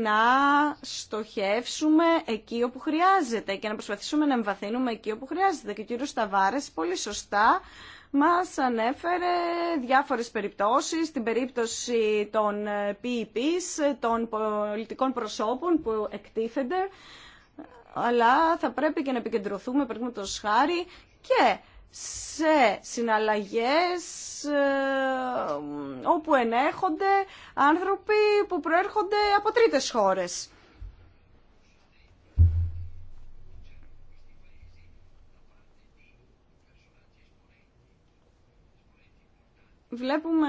να στοχεύσουμε εκεί όπου χρειάζεται και να προσπαθήσουμε να εμβαθύνουμε εκεί όπου χρειάζεται. Και ο κύριος Σταβάρες πολύ σωστά μας ανέφερε διάφορες περιπτώσεις, την περίπτωση των ε, PEPs, των πολιτικών προσώπων που εκτίθενται, αλλά θα πρέπει και να επικεντρωθούμε, το χάρη, και σε συναλλαγές ε, όπου ενέχονται άνθρωποι που προέρχονται από τρίτες χώρες. βλέπουμε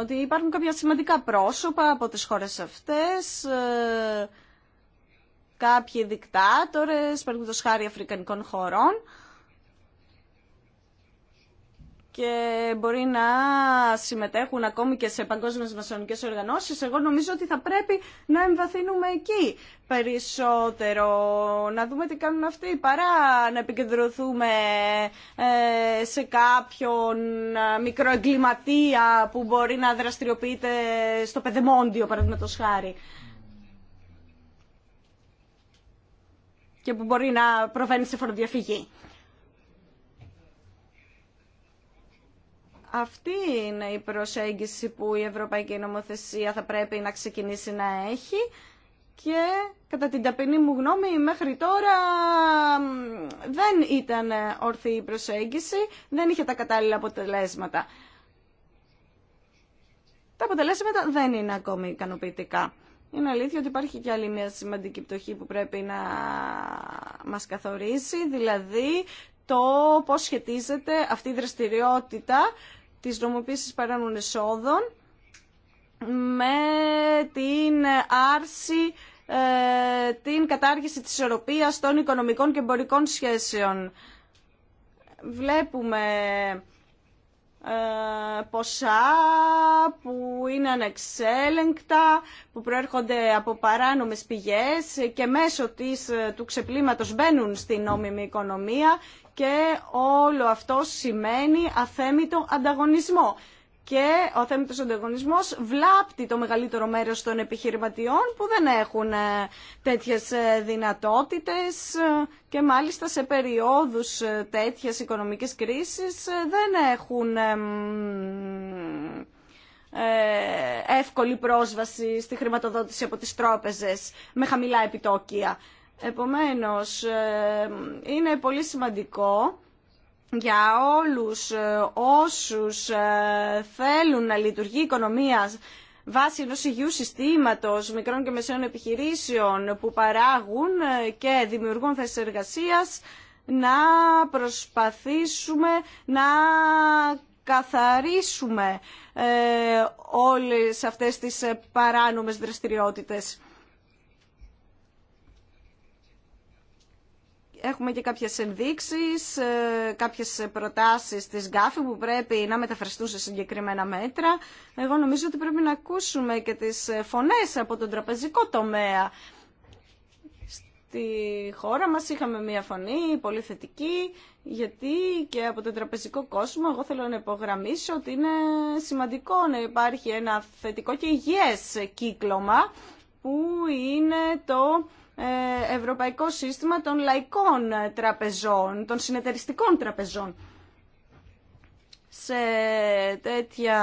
ότι υπάρχουν κάποια σημαντικά πρόσωπα από τις χώρες αυτές, ε, κάποιοι δικτάτορες, παραδείγματος χάρη αφρικανικών χωρών, και μπορεί να συμμετέχουν ακόμη και σε παγκόσμιες μασονικές οργανώσεις. Εγώ νομίζω ότι θα πρέπει να εμβαθύνουμε εκεί περισσότερο, να δούμε τι κάνουν αυτοί, παρά να επικεντρωθούμε ε, σε κάποιον ε, μικροεγκληματία που μπορεί να δραστηριοποιείται στο Παιδεμόντιο, παραδείγματος χάρη. και που μπορεί να προβαίνει σε φοροδιαφυγή. Αυτή είναι η προσέγγιση που η Ευρωπαϊκή Νομοθεσία θα πρέπει να ξεκινήσει να έχει και κατά την ταπεινή μου γνώμη μέχρι τώρα δεν ήταν ορθή η προσέγγιση, δεν είχε τα κατάλληλα αποτελέσματα. Τα αποτελέσματα δεν είναι ακόμη ικανοποιητικά. Είναι αλήθεια ότι υπάρχει και άλλη μια σημαντική πτωχή που πρέπει να μας καθορίσει, δηλαδή το πώς σχετίζεται αυτή η δραστηριότητα της δρομοποίησης παράνομων εσόδων με την άρση, ε, την κατάργηση της ισορροπίας των οικονομικών και εμπορικών σχέσεων. Βλέπουμε ε, ποσά που είναι ανεξέλεγκτα, που προέρχονται από παράνομες πηγές και μέσω της, ε, του ξεπλήματος μπαίνουν στην νόμιμη οικονομία και όλο αυτό σημαίνει αθέμητο ανταγωνισμό. Και ο αθέμητος ανταγωνισμός βλάπτει το μεγαλύτερο μέρος των επιχειρηματιών που δεν έχουν ε, τέτοιες ε, δυνατότητες ε, και μάλιστα σε περιόδους τέτοιας οικονομικής κρίσης δεν έχουν εύκολη πρόσβαση στη χρηματοδότηση από τις τρόπεζες με χαμηλά επιτόκια. Επομένως, ε, είναι πολύ σημαντικό για όλους ε, όσους ε, θέλουν να λειτουργεί η οικονομία βάσει ενός υγιού συστήματος μικρών και μεσαίων επιχειρήσεων που παράγουν και δημιουργούν θέσεις εργασίας να προσπαθήσουμε να καθαρίσουμε όλες αυτές τις παράνομες δραστηριότητες. Έχουμε και κάποιες ενδείξεις, ε, κάποιες προτάσεις της ΓΚΑΦΗ που πρέπει να μεταφραστούν σε συγκεκριμένα μέτρα. Εγώ νομίζω ότι πρέπει να ακούσουμε και τις φωνές από τον τραπεζικό τομέα. Στη χώρα μας είχαμε μία φωνή πολύ θετική, γιατί και από τον τραπεζικό κόσμο εγώ θέλω να υπογραμμίσω ότι είναι σημαντικό να υπάρχει ένα θετικό και υγιές κύκλωμα που είναι το ε, ευρωπαϊκό σύστημα των λαϊκών τραπεζών, των συνεταιριστικών τραπεζών. Σε τέτοια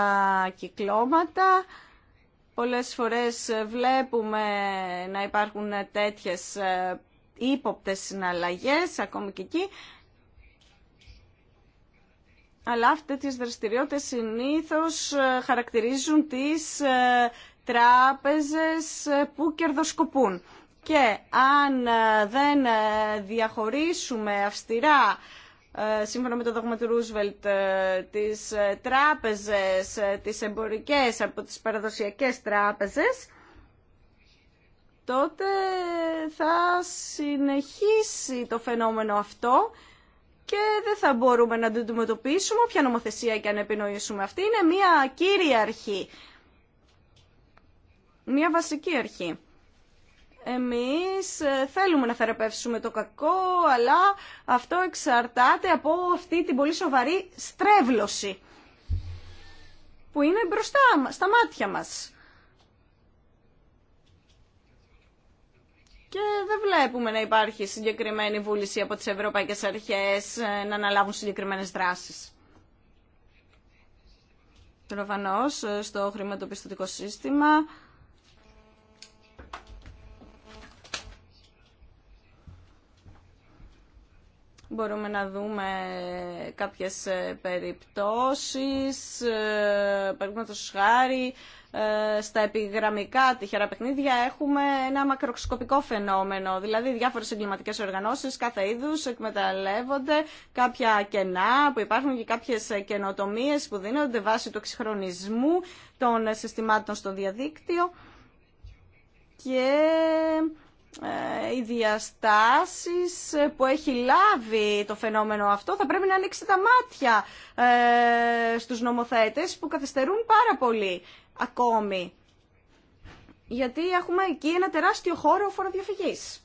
κυκλώματα πολλές φορές βλέπουμε να υπάρχουν τέτοιες ε, ύποπτες συναλλαγές, ακόμη και εκεί, αλλά αυτές τις δραστηριότητες συνήθως ε, χαρακτηρίζουν τις τράπεζες που κερδοσκοπούν και αν ε, δεν ε, διαχωρίσουμε αυστηρά ε, σύμφωνα με το δόγμα του Ρούσβελτ, τις τράπεζες, τις εμπορικές από τις παραδοσιακές τράπεζες, τότε θα συνεχίσει το φαινόμενο αυτό και δεν θα μπορούμε να το αντιμετωπίσουμε όποια νομοθεσία και αν επινοήσουμε. Αυτή είναι μια κύρια αρχή, μια βασική αρχή εμείς ε, θέλουμε να θεραπεύσουμε το κακό, αλλά αυτό εξαρτάται από αυτή την πολύ σοβαρή στρέβλωση που είναι μπροστά στα μάτια μας. Και δεν βλέπουμε να υπάρχει συγκεκριμένη βούληση από τις ευρωπαϊκές αρχές ε, να αναλάβουν συγκεκριμένες δράσεις. Προφανώς ε, στο χρηματοπιστωτικό σύστημα Μπορούμε να δούμε κάποιες ε, περιπτώσεις, ε, παραδείγματος χάρη, ε, στα επιγραμμικά τυχερά παιχνίδια έχουμε ένα μακροσκοπικό φαινόμενο. Δηλαδή, διάφορες εγκληματικές οργανώσεις κάθε είδου εκμεταλλεύονται κάποια κενά που υπάρχουν και κάποιες καινοτομίε που δίνονται βάσει του εξυγχρονισμού των συστημάτων στο διαδίκτυο. Και ε, οι διαστάσεις που έχει λάβει το φαινόμενο αυτό θα πρέπει να ανοίξει τα μάτια ε, στους νομοθέτες που καθυστερούν πάρα πολύ ακόμη. Γιατί έχουμε εκεί ένα τεράστιο χώρο φοροδιαφυγής.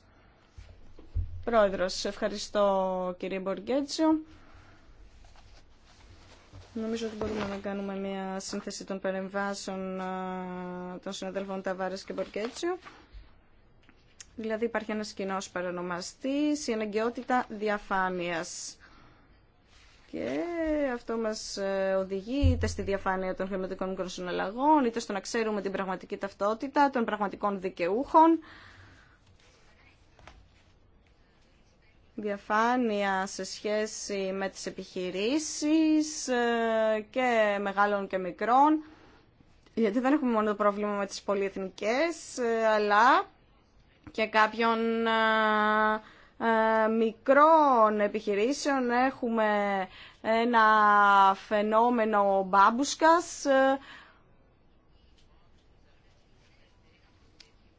Πρόεδρος, ευχαριστώ κύριε Μποργκέτσιο. Νομίζω ότι μπορούμε να κάνουμε μια σύνθεση των παρεμβάσεων ε, των συναδελφών Ταβάρες και Μπορκέτσιο. Δηλαδή υπάρχει ένας κοινό παρανομαστής, η αναγκαιότητα διαφάνειας. Και αυτό μας ε, οδηγεί είτε στη διαφάνεια των μικρών συναλλαγών, είτε στο να ξέρουμε την πραγματική ταυτότητα των πραγματικών δικαιούχων. Διαφάνεια σε σχέση με τις επιχειρήσεις ε, και μεγάλων και μικρών. Γιατί δεν έχουμε μόνο το πρόβλημα με τις πολυεθνικές, ε, αλλά και κάποιων μικρών επιχειρήσεων έχουμε ένα φαινόμενο μπάμπουσκας.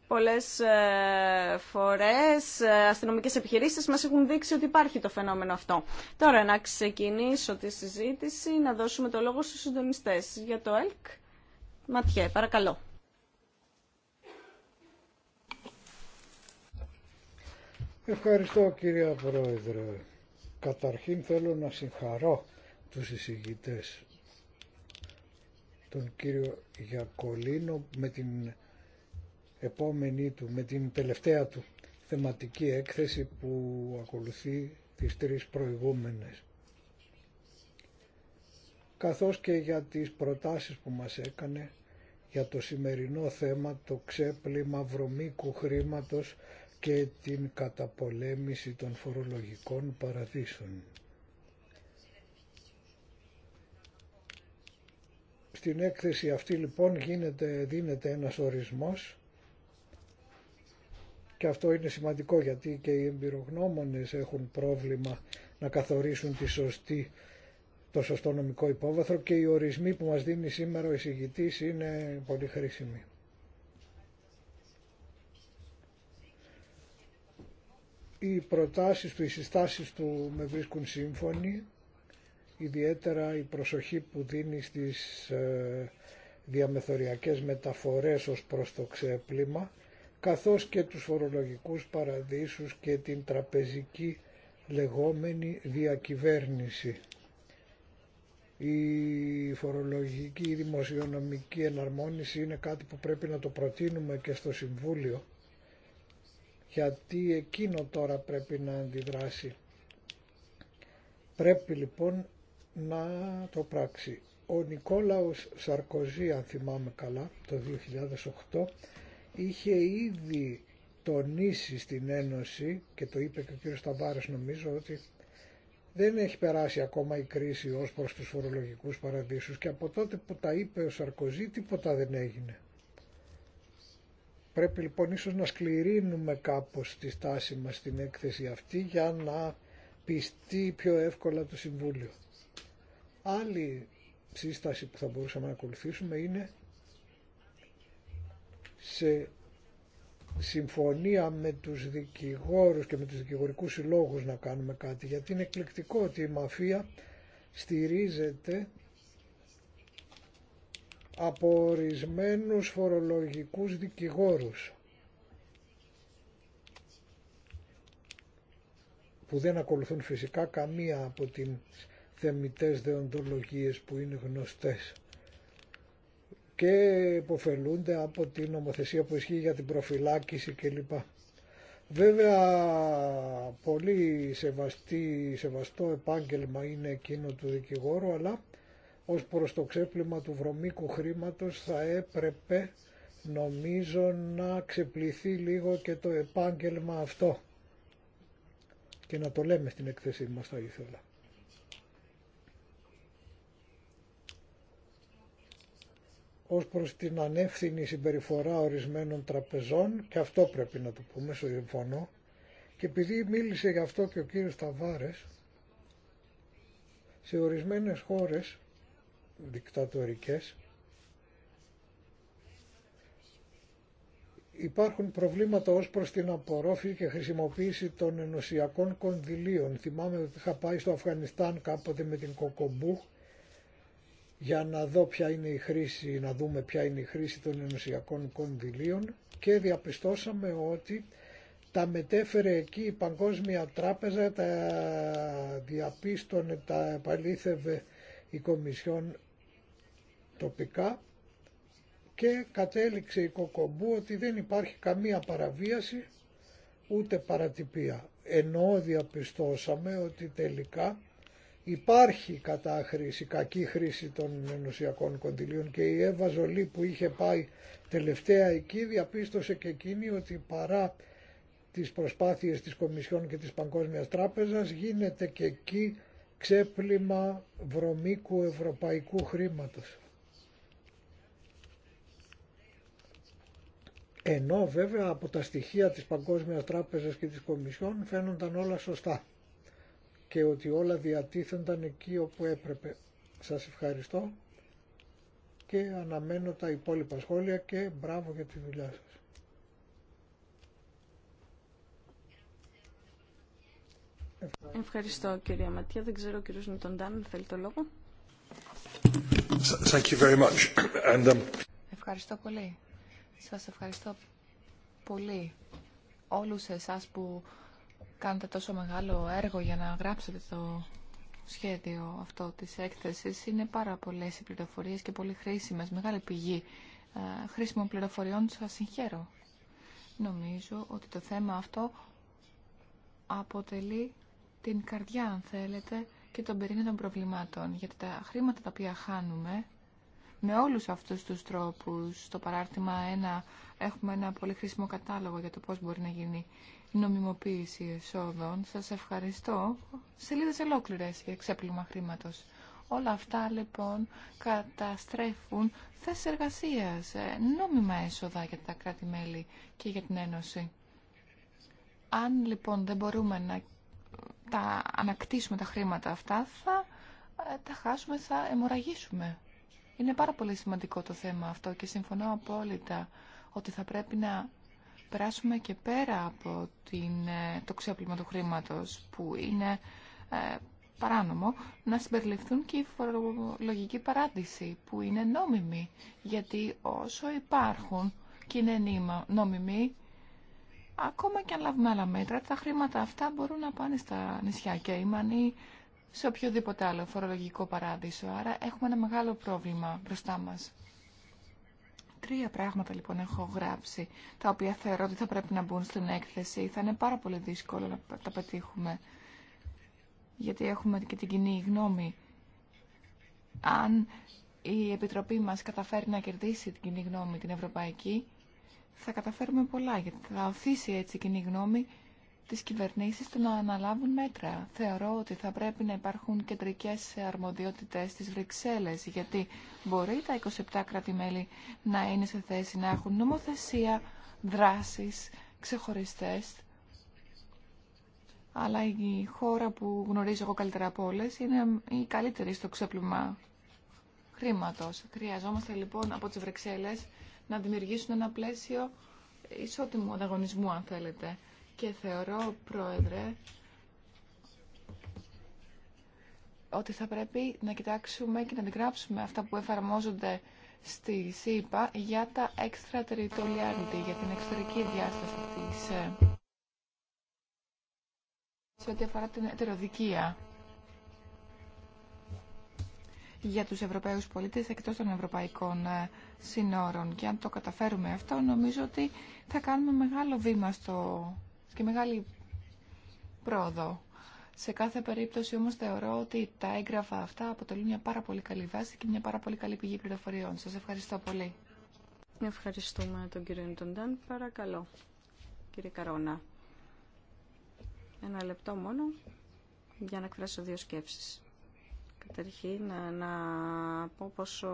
Πολλές ε, φορές ε, αστυνομικές επιχειρήσεις μας έχουν δείξει ότι υπάρχει το φαινόμενο αυτό. Τώρα να ξεκινήσω τη συζήτηση, να δώσουμε το λόγο στους συντονιστές. Για το ΕΛΚ, Ματιέ, παρακαλώ. Ευχαριστώ κυρία Πρόεδρε. Καταρχήν θέλω να συγχαρώ τους εισηγητές τον κύριο Γιακολίνο με την επόμενη του, με την τελευταία του θεματική έκθεση που ακολουθεί τις τρεις προηγούμενες. Καθώς και για τις προτάσεις που μας έκανε για το σημερινό θέμα το ξέπλυμα βρωμίκου χρήματος και την καταπολέμηση των φορολογικών παραδείσων. Στην έκθεση αυτή λοιπόν γίνεται, δίνεται ένας ορισμός και αυτό είναι σημαντικό γιατί και οι εμπειρογνώμονες έχουν πρόβλημα να καθορίσουν τη σωστή, το σωστό νομικό υπόβαθρο και οι ορισμοί που μας δίνει σήμερα ο εισηγητής είναι πολύ χρήσιμοι. Οι προτάσεις του, οι συστάσεις του με βρίσκουν σύμφωνοι, ιδιαίτερα η προσοχή που δίνει στις ε, διαμεθοριακές μεταφορές ως προς το ξέπλυμα, καθώς και τους φορολογικούς παραδείσους και την τραπεζική λεγόμενη διακυβέρνηση. Η φορολογική, δημοσιονομική εναρμόνιση είναι κάτι που πρέπει να το προτείνουμε και στο Συμβούλιο γιατί εκείνο τώρα πρέπει να αντιδράσει. Πρέπει λοιπόν να το πράξει. Ο Νικόλαος Σαρκοζή, αν θυμάμαι καλά, το 2008, είχε ήδη τονίσει στην Ένωση και το είπε και ο κύριος Σταμπάρες νομίζω ότι δεν έχει περάσει ακόμα η κρίση ως προς τους φορολογικούς παραδείσους και από τότε που τα είπε ο Σαρκοζή τίποτα δεν έγινε. Πρέπει λοιπόν ίσως να σκληρύνουμε κάπως τη στάση μας στην έκθεση αυτή για να πιστεί πιο εύκολα το Συμβούλιο. Άλλη σύσταση που θα μπορούσαμε να ακολουθήσουμε είναι σε συμφωνία με τους δικηγόρους και με τους δικηγορικούς συλλόγους να κάνουμε κάτι γιατί είναι εκπληκτικό ότι η μαφία στηρίζεται από ορισμένους φορολογικούς δικηγόρους που δεν ακολουθούν φυσικά καμία από την θεμητές δεοντολογίες που είναι γνωστές και υποφελούνται από την νομοθεσία που ισχύει για την προφυλάκηση κλπ. Βέβαια, πολύ σεβαστή, σεβαστό επάγγελμα είναι εκείνο του δικηγόρου, αλλά ως προς το ξέπλυμα του βρωμίκου χρήματος θα έπρεπε νομίζω να ξεπληθεί λίγο και το επάγγελμα αυτό και να το λέμε στην εκθέσή μας θα ήθελα. ως προς την ανεύθυνη συμπεριφορά ορισμένων τραπεζών και αυτό πρέπει να το πούμε, συμφωνώ και επειδή μίλησε γι' αυτό και ο κύριος Ταβάρες σε ορισμένες χώρες δικτατορικές υπάρχουν προβλήματα ως προς την απορρόφηση και χρησιμοποίηση των ενωσιακών κονδυλίων. Θυμάμαι ότι είχα πάει στο Αφγανιστάν κάποτε με την Κοκομπού για να δω ποια είναι η χρήση, να δούμε ποια είναι η χρήση των ενωσιακών κονδυλίων και διαπιστώσαμε ότι τα μετέφερε εκεί η Παγκόσμια Τράπεζα, τα διαπίστωνε, τα επαλήθευε η Κομισιόν τοπικά και κατέληξε η Κοκομπού ότι δεν υπάρχει καμία παραβίαση ούτε παρατυπία. Ενώ διαπιστώσαμε ότι τελικά υπάρχει κατάχρηση, κακή χρήση των ενωσιακών κοντιλίων και η Εύα Ζολή που είχε πάει τελευταία εκεί διαπίστωσε και εκείνη ότι παρά τις προσπάθειες της Κομισιόν και της Παγκόσμιας Τράπεζας γίνεται και εκεί ξέπλυμα βρωμίκου ευρωπαϊκού χρήματος. Ενώ βέβαια από τα στοιχεία της Παγκόσμιας Τράπεζας και της Κομισιόν φαίνονταν όλα σωστά και ότι όλα διατίθενταν εκεί όπου έπρεπε. Σας ευχαριστώ και αναμένω τα υπόλοιπα σχόλια και μπράβο για τη δουλειά σας. Ευχαριστώ κυρία Ματία. Δεν ξέρω ο κύριος Νιτοντάν, θέλει το λόγο. Um, ευχαριστώ πολύ. Σας ευχαριστώ πολύ όλους εσάς που κάνετε τόσο μεγάλο έργο για να γράψετε το σχέδιο αυτό της έκθεσης. Είναι πάρα πολλές οι πληροφορίες και πολύ χρήσιμες, μεγάλη πηγή ε, χρήσιμων πληροφοριών. Σας συγχαίρω. Νομίζω ότι το θέμα αυτό αποτελεί την καρδιά, αν θέλετε, και τον πυρήνα των προβλημάτων. Γιατί τα χρήματα τα οποία χάνουμε με όλους αυτούς τους τρόπους. Στο παράρτημα 1 έχουμε ένα πολύ χρήσιμο κατάλογο για το πώς μπορεί να γίνει νομιμοποίηση εσόδων. Σας ευχαριστώ. Σελίδες ολόκληρες για ξέπλυμα χρήματος. Όλα αυτά λοιπόν καταστρέφουν θέσεις εργασίας, ε, νόμιμα έσοδα για τα κράτη-μέλη και για την Ένωση. Αν λοιπόν δεν μπορούμε να τα ανακτήσουμε τα χρήματα αυτά, θα ε, τα χάσουμε, θα αιμορραγήσουμε. Είναι πάρα πολύ σημαντικό το θέμα αυτό και συμφωνώ απόλυτα ότι θα πρέπει να περάσουμε και πέρα από την, ε, το ξέπλυμα του χρήματος που είναι ε, παράνομο, να συμπεριληφθούν και η φορολογική παράδειση που είναι νόμιμη. Γιατί όσο υπάρχουν και είναι νόμιμοι, ακόμα και αν λάβουμε άλλα μέτρα, τα χρήματα αυτά μπορούν να πάνε στα νησιά και οι σε οποιοδήποτε άλλο φορολογικό παράδεισο. Άρα έχουμε ένα μεγάλο πρόβλημα μπροστά μας. Τρία πράγματα λοιπόν έχω γράψει, τα οποία θεωρώ ότι θα πρέπει να μπουν στην έκθεση. Θα είναι πάρα πολύ δύσκολο να τα πετύχουμε, γιατί έχουμε και την κοινή γνώμη. Αν η Επιτροπή μας καταφέρει να κερδίσει την κοινή γνώμη την ευρωπαϊκή, θα καταφέρουμε πολλά, γιατί θα οθήσει έτσι η κοινή γνώμη τις κυβερνήσεις του να αναλάβουν μέτρα. Θεωρώ ότι θα πρέπει να υπάρχουν κεντρικές αρμοδιότητες στις Βρυξέλλες, γιατί μπορεί τα 27 κράτη-μέλη να είναι σε θέση να έχουν νομοθεσία, δράσεις, ξεχωριστές, αλλά η χώρα που γνωρίζω εγώ καλύτερα από είναι η καλύτερη στο ξέπλυμα χρήματος. Χρειαζόμαστε λοιπόν από τις Βρυξέλλες να δημιουργήσουν ένα πλαίσιο ισότιμου ανταγωνισμού, αν θέλετε και θεωρώ, Πρόεδρε, ότι θα πρέπει να κοιτάξουμε και να αντιγράψουμε αυτά που εφαρμόζονται στη ΣΥΠΑ για τα extraterritoriality, για την εξωτερική διάσταση της ε, σε ό,τι αφορά την ετεροδικία για τους Ευρωπαίους πολίτες εκτός των ευρωπαϊκών ε, συνόρων. Και αν το καταφέρουμε αυτό, νομίζω ότι θα κάνουμε μεγάλο βήμα στο και μεγάλη πρόοδο. Σε κάθε περίπτωση όμως θεωρώ ότι τα έγγραφα αυτά αποτελούν μια πάρα πολύ καλή βάση και μια πάρα πολύ καλή πηγή πληροφοριών. Σας ευχαριστώ πολύ. Ευχαριστούμε τον κύριο Ντοντάν. Παρακαλώ, κύριε Καρόνα. Ένα λεπτό μόνο για να εκφράσω δύο σκέψεις. Καταρχήν να πω πόσο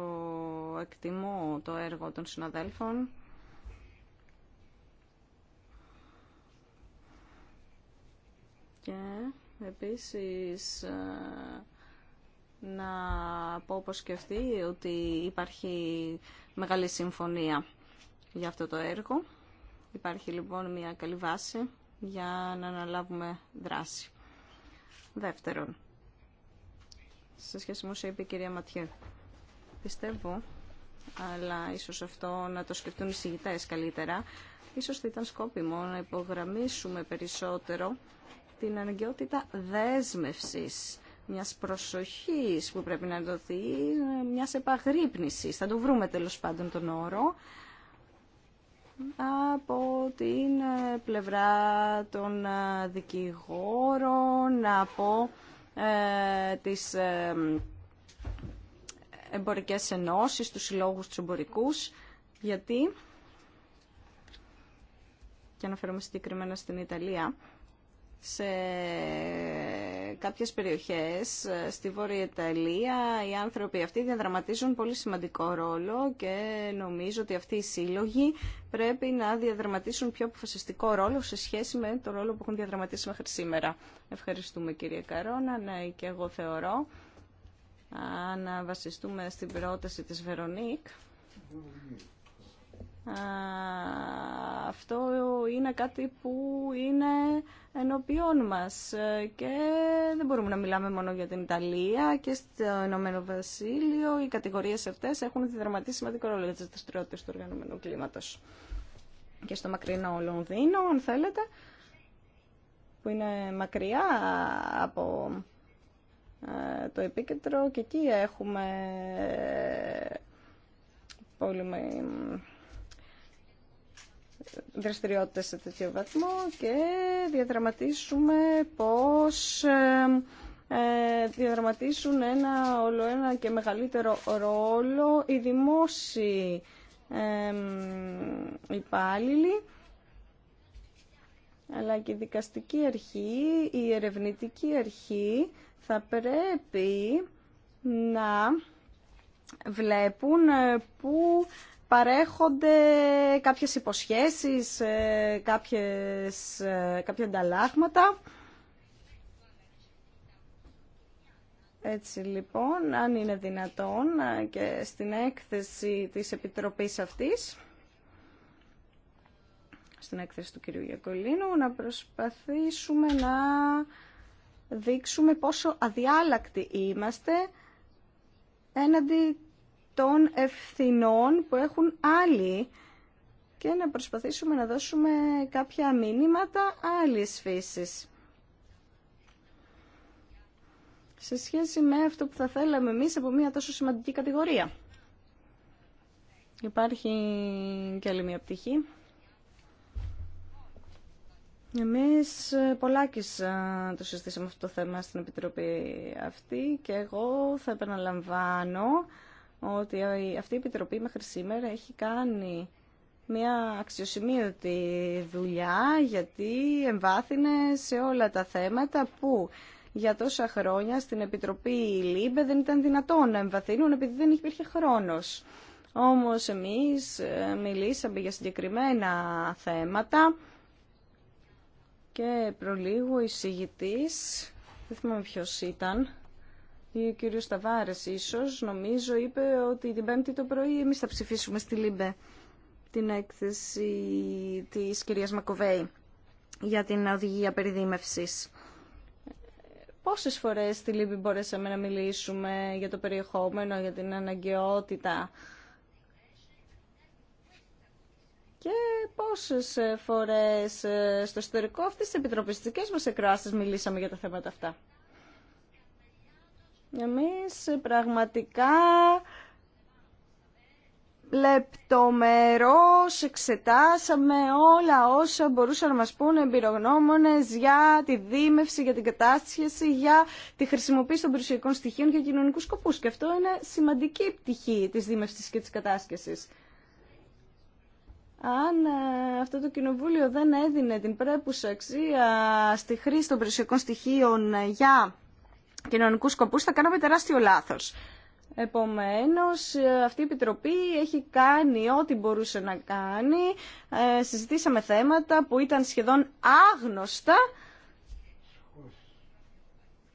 εκτιμώ το έργο των συναδέλφων και επίσης ε, να πω πως σκεφτεί ότι υπάρχει μεγάλη συμφωνία για αυτό το έργο. Υπάρχει λοιπόν μια καλή βάση για να αναλάβουμε δράση. Δεύτερον, σε σχέση με όσα είπε η κυρία Ματιέ, πιστεύω, αλλά ίσως αυτό να το σκεφτούν οι συγητές καλύτερα, ίσως θα ήταν σκόπιμο να υπογραμμίσουμε περισσότερο την αναγκαιότητα δέσμευσης μιας προσοχής που πρέπει να δοθεί, μιας επαγρύπνησης. Θα το βρούμε τέλος πάντων τον όρο από την πλευρά των δικηγόρων, από ε, τις ε, εμπορικές ενώσεις, τους συλλόγους τους εμπορικούς, γιατί, και αναφέρομαι συγκεκριμένα στην Ιταλία, σε κάποιες περιοχές ε, στη Βόρεια Ιταλία οι άνθρωποι αυτοί διαδραματίζουν πολύ σημαντικό ρόλο και νομίζω ότι αυτοί οι σύλλογοι πρέπει να διαδραματίσουν πιο αποφασιστικό ρόλο σε σχέση με το ρόλο που έχουν διαδραματίσει μέχρι σήμερα. Ευχαριστούμε κύριε Καρόνα, ναι και εγώ θεωρώ να βασιστούμε στην πρόταση της Βερονίκ αυτό είναι κάτι που είναι ενώπιόν μας και δεν μπορούμε να μιλάμε μόνο για την Ιταλία και στο Ηνωμένο Βασίλειο οι κατηγορίες αυτές έχουν διδραματίσει σημαντικό ρόλο για τις δραστηριότητες του οργανωμένου κλίματος και στο μακρινό Λονδίνο αν θέλετε που είναι μακριά από ε, το επίκεντρο και εκεί έχουμε ε, πολύ δραστηριότητες σε τέτοιο βαθμό και διαδραματίσουμε πώς ε, ε, διαδραματίσουν ένα όλο ένα και μεγαλύτερο ρόλο οι δημόσιοι ε, υπάλληλοι αλλά και η δικαστική αρχή, η ερευνητική αρχή θα πρέπει να βλέπουν που παρέχονται κάποιες υποσχέσεις, ε, κάποιες, ε, κάποια ανταλλάγματα. Έτσι λοιπόν, αν είναι δυνατόν ε, και στην έκθεση της Επιτροπής αυτής, στην έκθεση του κυρίου Γιακολίνου, να προσπαθήσουμε να δείξουμε πόσο αδιάλακτοι είμαστε έναντι των ευθυνών που έχουν άλλοι και να προσπαθήσουμε να δώσουμε κάποια μήνυματα άλλης φύσης. Σε σχέση με αυτό που θα θέλαμε εμείς από μια τόσο σημαντική κατηγορία. Υπάρχει και άλλη μια πτυχή. Εμείς πολλάκις το συζητήσαμε αυτό το θέμα στην Επιτροπή αυτή και εγώ θα επαναλαμβάνω ότι αυτή η Επιτροπή μέχρι σήμερα έχει κάνει μια αξιοσημείωτη δουλειά γιατί εμβάθυνε σε όλα τα θέματα που για τόσα χρόνια στην Επιτροπή ΛΥΜΠΕ δεν ήταν δυνατόν να εμβαθύνουν επειδή δεν υπήρχε χρόνος. Όμως εμείς ε, μιλήσαμε για συγκεκριμένα θέματα και προλίγου εισηγητής, δεν θυμάμαι ποιος ήταν, ο κύριο Σταβάρες ίσω νομίζω, είπε ότι την Πέμπτη το πρωί εμείς θα ψηφίσουμε στη Λίμπε την έκθεση της κυρίας Μακοβέη για την οδηγία περιδίμευση. Πόσες φορές στη Λίμπη μπορέσαμε να μιλήσουμε για το περιεχόμενο, για την αναγκαιότητα και πόσες φορές ε, στο ιστορικό αυτής της επιτροπιστικής μας εκράσεις μιλήσαμε για τα θέματα αυτά. Εμείς πραγματικά λεπτομερώς εξετάσαμε όλα όσα μπορούσαν να μας πούν εμπειρογνώμονες για τη δίμευση, για την κατάσχεση, για τη χρησιμοποίηση των περιουσιακών στοιχείων για κοινωνικούς σκοπούς. Και αυτό είναι σημαντική πτυχή της δίμευσης και της κατάσχεσης. Αν ε, αυτό το κοινοβούλιο δεν έδινε την πρέπουσα αξία στη χρήση των περιουσιακών στοιχείων για κοινωνικούς σκοπούς θα κάναμε τεράστιο λάθος. Επομένως, αυτή η Επιτροπή έχει κάνει ό,τι μπορούσε να κάνει. Ε, συζητήσαμε θέματα που ήταν σχεδόν άγνωστα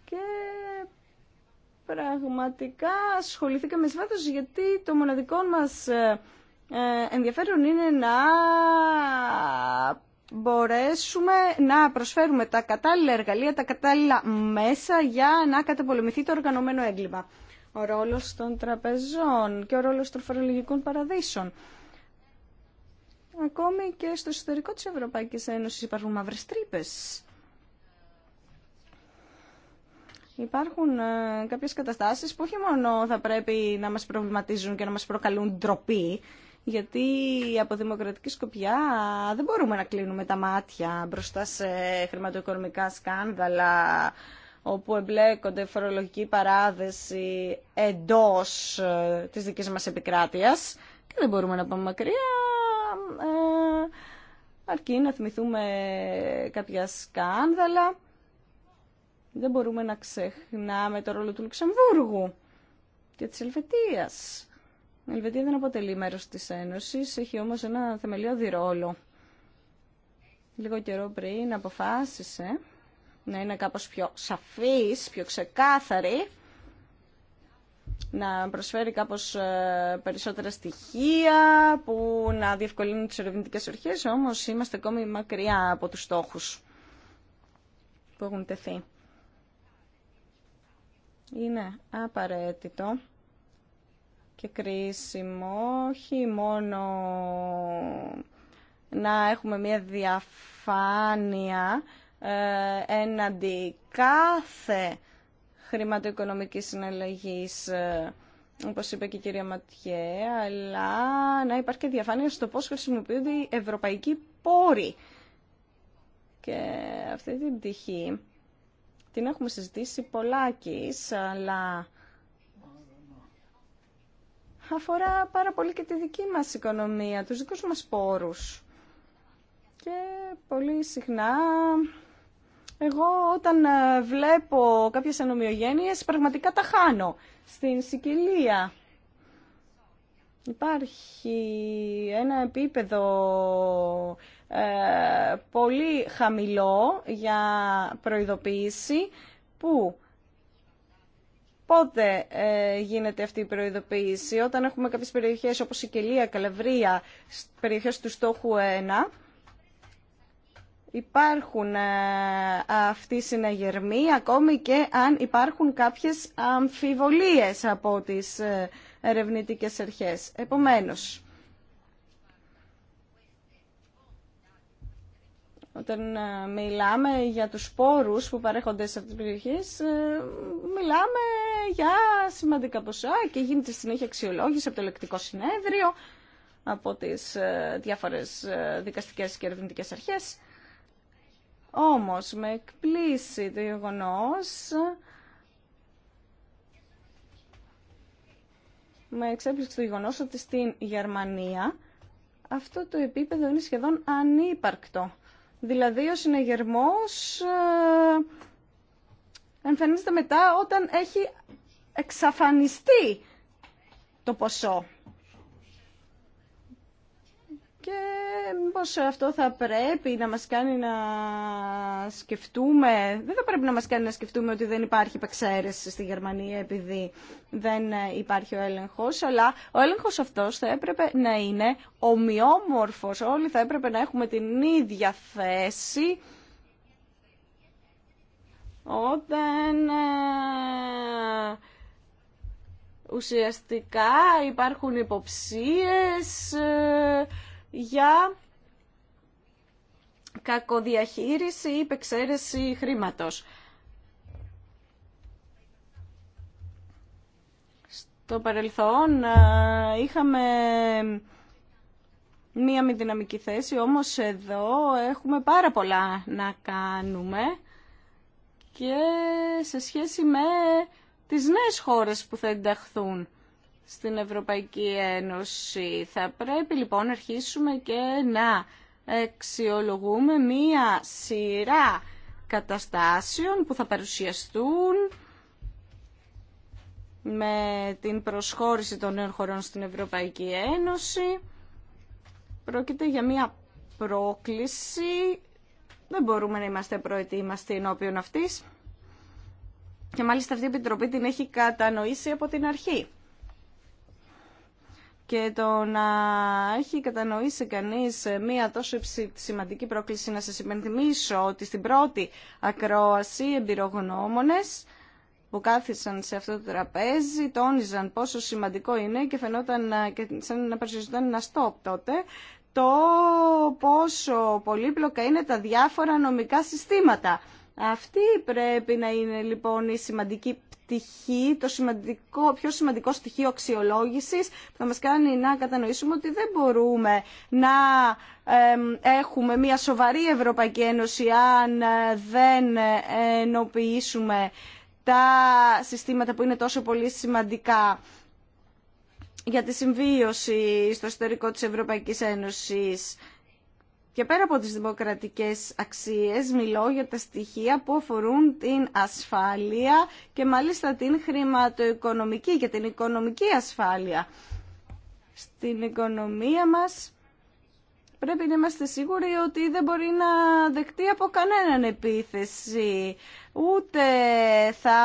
και πραγματικά ασχοληθήκαμε με γιατί το μοναδικό μας ε, ε, ενδιαφέρον είναι να μπορέσουμε να προσφέρουμε τα κατάλληλα εργαλεία, τα κατάλληλα μέσα για να καταπολεμηθεί το οργανωμένο έγκλημα. Ο ρόλος των τραπεζών και ο ρόλος των φορολογικών παραδείσων. Ακόμη και στο εσωτερικό της Ευρωπαϊκής Ένωσης υπάρχουν μαύρες τρύπες. Υπάρχουν ε, κάποιες καταστάσεις που όχι μόνο θα πρέπει να μας προβληματίζουν και να μας προκαλούν ντροπή, γιατί από δημοκρατική σκοπιά δεν μπορούμε να κλείνουμε τα μάτια μπροστά σε χρηματοοικονομικά σκάνδαλα όπου εμπλέκονται φορολογική παράδεση εντός ε, της δικής μας επικράτειας και δεν μπορούμε να πάμε μακριά ε, αρκεί να θυμηθούμε κάποια σκάνδαλα δεν μπορούμε να ξεχνάμε το ρόλο του Λουξεμβούργου και της Ελβετίας η Ελβετία δεν αποτελεί μέρος της Ένωσης, έχει όμως ένα θεμελιώδη ρόλο. Λίγο καιρό πριν αποφάσισε να είναι κάπως πιο σαφής, πιο ξεκάθαρη, να προσφέρει κάπως ε, περισσότερα στοιχεία που να διευκολύνουν τις ερευνητικέ αρχές, όμως είμαστε ακόμη μακριά από τους στόχους που έχουν τεθεί. Είναι απαραίτητο και κρίσιμο όχι μόνο να έχουμε μια διαφάνεια ε, έναντι κάθε χρηματοοικονομικής συναλλαγής ε, όπως είπε και η κυρία Ματιέ, αλλά να υπάρχει και διαφάνεια στο πώς χρησιμοποιούνται οι ευρωπαϊκοί πόροι. Και αυτή την τυχή την έχουμε συζητήσει πολλάκις, αλλά αφορά πάρα πολύ και τη δική μας οικονομία, τους δικούς μας πόρους. Και πολύ συχνά εγώ όταν ε, βλέπω κάποιες ανομοιογένειες πραγματικά τα χάνω. Στην Σικελία υπάρχει ένα επίπεδο ε, πολύ χαμηλό για προειδοποίηση που Πότε ε, γίνεται αυτή η προειδοποίηση, όταν έχουμε κάποιες περιοχές όπως η Κελία, Καλαβρία, περιοχές του στόχου 1, υπάρχουν ε, αυτοί οι συναγερμοί, ακόμη και αν υπάρχουν κάποιες αμφιβολίες από τις ε, ερευνητικές αρχές. Επομένως, Όταν ε, μιλάμε για τους σπόρους που παρέχονται σε αυτές τις περιοχές, ε, μιλάμε για σημαντικά ποσά και γίνεται συνέχεια αξιολόγηση από το ελεκτικό συνέδριο, από τις ε, διάφορες δικαστικές και ερευνητικές αρχές. Όμως με εκπλήσει το γεγονός με εξέπληξε το γεγονό ότι στην Γερμανία αυτό το επίπεδο είναι σχεδόν ανύπαρκτο. Δηλαδή ο συνεγερμός ε, εμφανίζεται μετά όταν έχει εξαφανιστεί το ποσό. Και μήπως αυτό θα πρέπει να μας κάνει να σκεφτούμε, δεν θα πρέπει να μας κάνει να σκεφτούμε ότι δεν υπάρχει υπεξαίρεση στη Γερμανία επειδή δεν υπάρχει ο έλεγχος, αλλά ο έλεγχος αυτός θα έπρεπε να είναι ομοιόμορφος, όλοι θα έπρεπε να έχουμε την ίδια θέση όταν ε, ουσιαστικά υπάρχουν υποψίες ε, για κακοδιαχείριση ή υπεξαίρεση χρήματος. Στο παρελθόν ε, είχαμε μία μη δυναμική θέση, όμως εδώ έχουμε πάρα πολλά να κάνουμε και σε σχέση με τις νέες χώρες που θα ενταχθούν στην Ευρωπαϊκή Ένωση. Θα πρέπει λοιπόν να αρχίσουμε και να αξιολογούμε μία σειρά καταστάσεων που θα παρουσιαστούν με την προσχώρηση των νέων χωρών στην Ευρωπαϊκή Ένωση. Πρόκειται για μία πρόκληση. Δεν μπορούμε να είμαστε προετοίμαστοι ενώπιον αυτής. Και μάλιστα αυτή η Επιτροπή την έχει κατανοήσει από την αρχή και το να έχει κατανοήσει κανείς μία τόσο σημαντική πρόκληση να σας υπενθυμίσω ότι στην πρώτη ακρόαση εμπειρογνώμονες που κάθισαν σε αυτό το τραπέζι τόνιζαν πόσο σημαντικό είναι και φαινόταν ε, και σαν να παρουσιαζόταν ένα στόπ τότε το πόσο πολύπλοκα είναι τα διάφορα νομικά συστήματα αυτή πρέπει να είναι λοιπόν η σημαντική πτυχή, το σημαντικό, πιο σημαντικό στοιχείο αξιολόγησης που θα μας κάνει να κατανοήσουμε ότι δεν μπορούμε να έχουμε μια σοβαρή Ευρωπαϊκή Ένωση αν ε, δεν ε, ενοποιήσουμε τα συστήματα που είναι τόσο πολύ σημαντικά για τη συμβίωση στο εσωτερικό της Ευρωπαϊκής Ένωσης. Και πέρα από τις δημοκρατικές αξίες μιλώ για τα στοιχεία που αφορούν την ασφάλεια και μάλιστα την χρηματοοικονομική και την οικονομική ασφάλεια. Στην οικονομία μας πρέπει να είμαστε σίγουροι ότι δεν μπορεί να δεχτεί από κανέναν επίθεση. Ούτε θα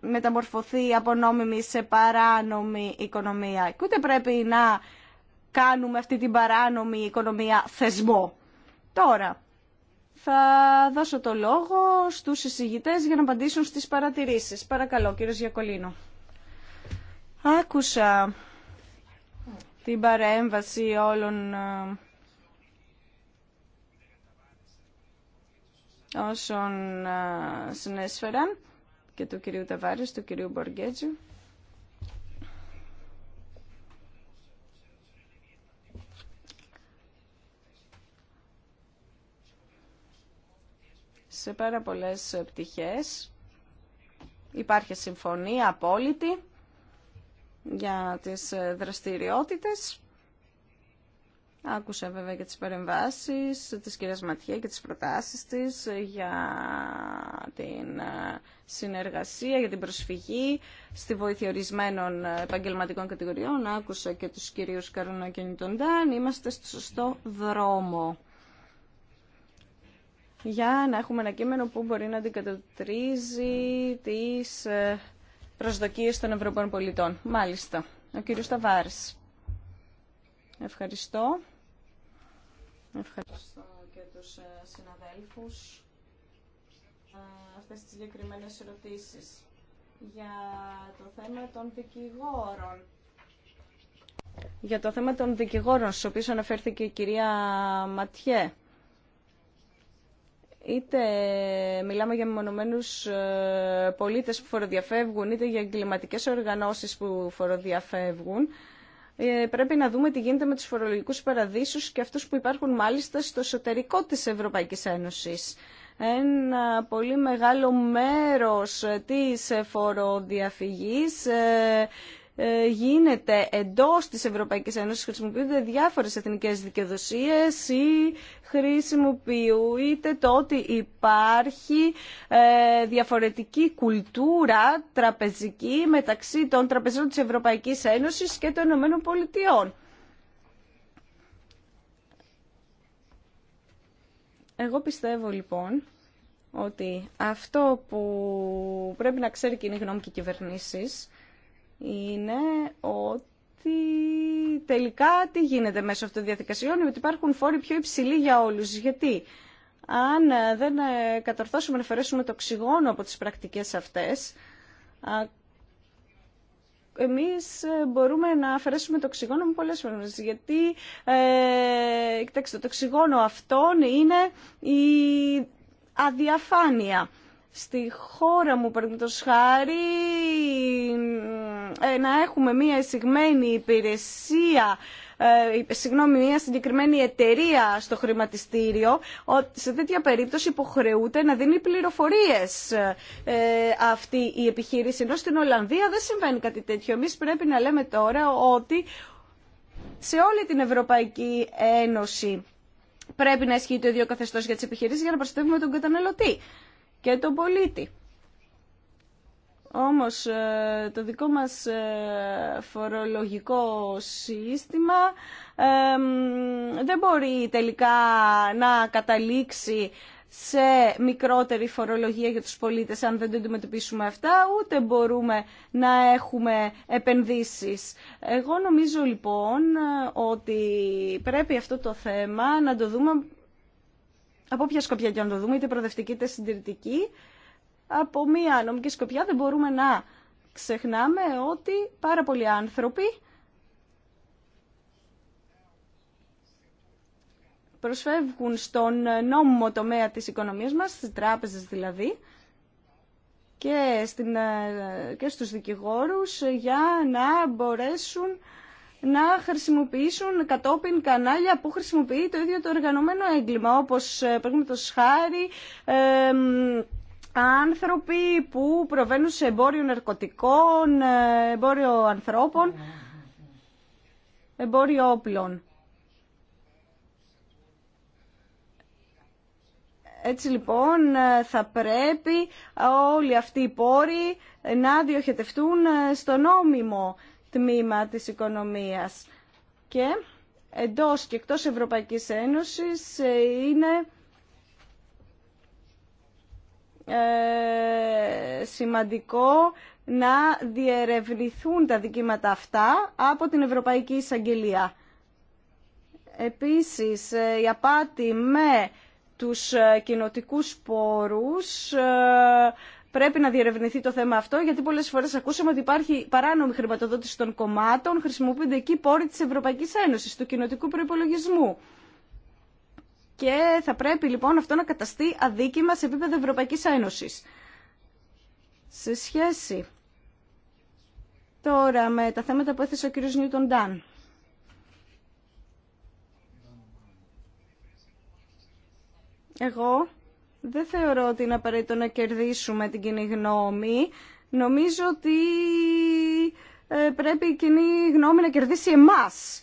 μεταμορφωθεί από νόμιμη σε παράνομη οικονομία. ούτε πρέπει να κάνουμε αυτή την παράνομη οικονομία θεσμό. Τώρα, θα δώσω το λόγο στους εισηγητές για να απαντήσουν στις παρατηρήσεις. Παρακαλώ, κύριος Γιακολίνο. Άκουσα την παρέμβαση όλων ε, όσων ε, συνέσφεραν και του κυρίου Ταβάρης, του κυρίου Μποργέτζου. σε πάρα πολλές πτυχές. Υπάρχει συμφωνία απόλυτη για τις δραστηριότητες. Άκουσα βέβαια και τις παρεμβάσεις της κυρίας Ματιέ και τις προτάσεις της για την συνεργασία, για την προσφυγή στη βοήθεια ορισμένων επαγγελματικών κατηγοριών. Άκουσα και τους κυρίους Καρουνό και Νιτοντάν. Είμαστε στο σωστό δρόμο για να έχουμε ένα κείμενο που μπορεί να αντικατοπτρίζει τις ε, προσδοκίες των Ευρωπαίων πολιτών. Μάλιστα. Ο κύριος Ταβάρης. Ευχαριστώ. Ευχαριστώ και τους ε, συναδέλφους ε, αυτές τις συγκεκριμένε ερωτήσεις για το θέμα των δικηγόρων. Για το θέμα των δικηγόρων, στους οποίους αναφέρθηκε η κυρία Ματιέ είτε μιλάμε για μεμονωμένους ε, πολίτες που φοροδιαφεύγουν, είτε για εγκληματικέ οργανώσεις που φοροδιαφεύγουν, ε, πρέπει να δούμε τι γίνεται με τους φορολογικούς παραδείσους και αυτούς που υπάρχουν μάλιστα στο εσωτερικό της Ευρωπαϊκής Ένωσης. Ένα πολύ μεγάλο μέρος ε, της φοροδιαφυγής ε, γίνεται εντός της Ευρωπαϊκής Ένωσης, χρησιμοποιούνται διάφορες εθνικές δικαιοδοσίες ή χρησιμοποιείται το ότι υπάρχει ε, διαφορετική κουλτούρα τραπεζική μεταξύ των τραπεζών της Ευρωπαϊκής Ένωσης και των Ηνωμένων Πολιτειών. Εγώ πιστεύω λοιπόν ότι αυτό που πρέπει να ξέρει και η γνώμη και οι είναι ότι τελικά τι γίνεται μέσω αυτών των διαδικασιών, ότι υπάρχουν φόροι πιο υψηλοί για όλους. Γιατί αν ε, δεν ε, κατορθώσουμε να αφαιρέσουμε το οξυγόνο από τις πρακτικές αυτές, εμείς ε, μπορούμε να αφαιρέσουμε το οξυγόνο με πολλές φορές. Γιατί, ε, το οξυγόνο αυτών είναι η αδιαφάνεια στη χώρα μου, παραδείγματος χάρη, ε, να έχουμε μία συγμένη υπηρεσία ε, συγγνώμη, μια εισηγμένη τέτοια περίπτωση υποχρεούται να δίνει πληροφορίε ε, αυτή η επιχείρηση. Ενώ στην Ολλανδία δεν συμβαίνει κάτι τέτοιο. Εμεί πρέπει να λέμε τώρα ότι σε όλη την Ευρωπαϊκή Ένωση πρέπει να δινει πληροφοριε αυτη η επιχειρηση ενω στην ολλανδια δεν συμβαινει κατι τετοιο εμει πρεπει να λεμε τωρα οτι σε ολη την ευρωπαικη ενωση πρεπει να ισχυει το ίδιο καθεστώς για τις επιχειρήσεις για να προστατεύουμε τον καταναλωτή και τον πολίτη. Όμως ε, το δικό μας ε, φορολογικό σύστημα ε, δεν μπορεί τελικά να καταλήξει σε μικρότερη φορολογία για τους πολίτες αν δεν το αντιμετωπίσουμε αυτά, ούτε μπορούμε να έχουμε επενδύσεις. Εγώ νομίζω λοιπόν ότι πρέπει αυτό το θέμα να το δούμε από ποια σκοπιά και αν το δούμε, είτε προοδευτική είτε συντηρητική, από μία νομική σκοπιά δεν μπορούμε να ξεχνάμε ότι πάρα πολλοί άνθρωποι προσφεύγουν στον νόμιμο τομέα της οικονομίας μας, στις τράπεζες δηλαδή, και, στην, ε, και στους δικηγόρους για να μπορέσουν να χρησιμοποιήσουν κατόπιν κανάλια που χρησιμοποιεί το ίδιο το οργανωμένο έγκλημα, όπως ε, το χάρη άνθρωποι που προβαίνουν σε εμπόριο ναρκωτικών, ε, εμπόριο ανθρώπων, εμπόριο όπλων. Έτσι λοιπόν ε, θα πρέπει όλοι αυτοί οι πόροι να διοχετευτούν στο νόμιμο τμήμα της οικονομίας. Και εντός και εκτός Ευρωπαϊκής Ένωσης ε, είναι ε, σημαντικό να διερευνηθούν τα δικήματα αυτά από την Ευρωπαϊκή Εισαγγελία. Επίσης, ε, η απάτη με τους κοινοτικούς πόρους Πρέπει να διερευνηθεί το θέμα αυτό, γιατί πολλέ φορέ ακούσαμε ότι υπάρχει παράνομη χρηματοδότηση των κομμάτων, χρησιμοποιούνται εκεί πόροι τη Ευρωπαϊκή Ένωση, του κοινοτικού προπολογισμού. Και θα πρέπει λοιπόν αυτό να καταστεί αδίκημα σε επίπεδο Ευρωπαϊκή Ένωση. Σε σχέση τώρα με τα θέματα που έθεσε ο κ. Νιούτον Ντάν. Εγώ δεν θεωρώ ότι είναι απαραίτητο να κερδίσουμε την κοινή γνώμη. Νομίζω ότι ε, πρέπει η κοινή γνώμη να κερδίσει εμάς.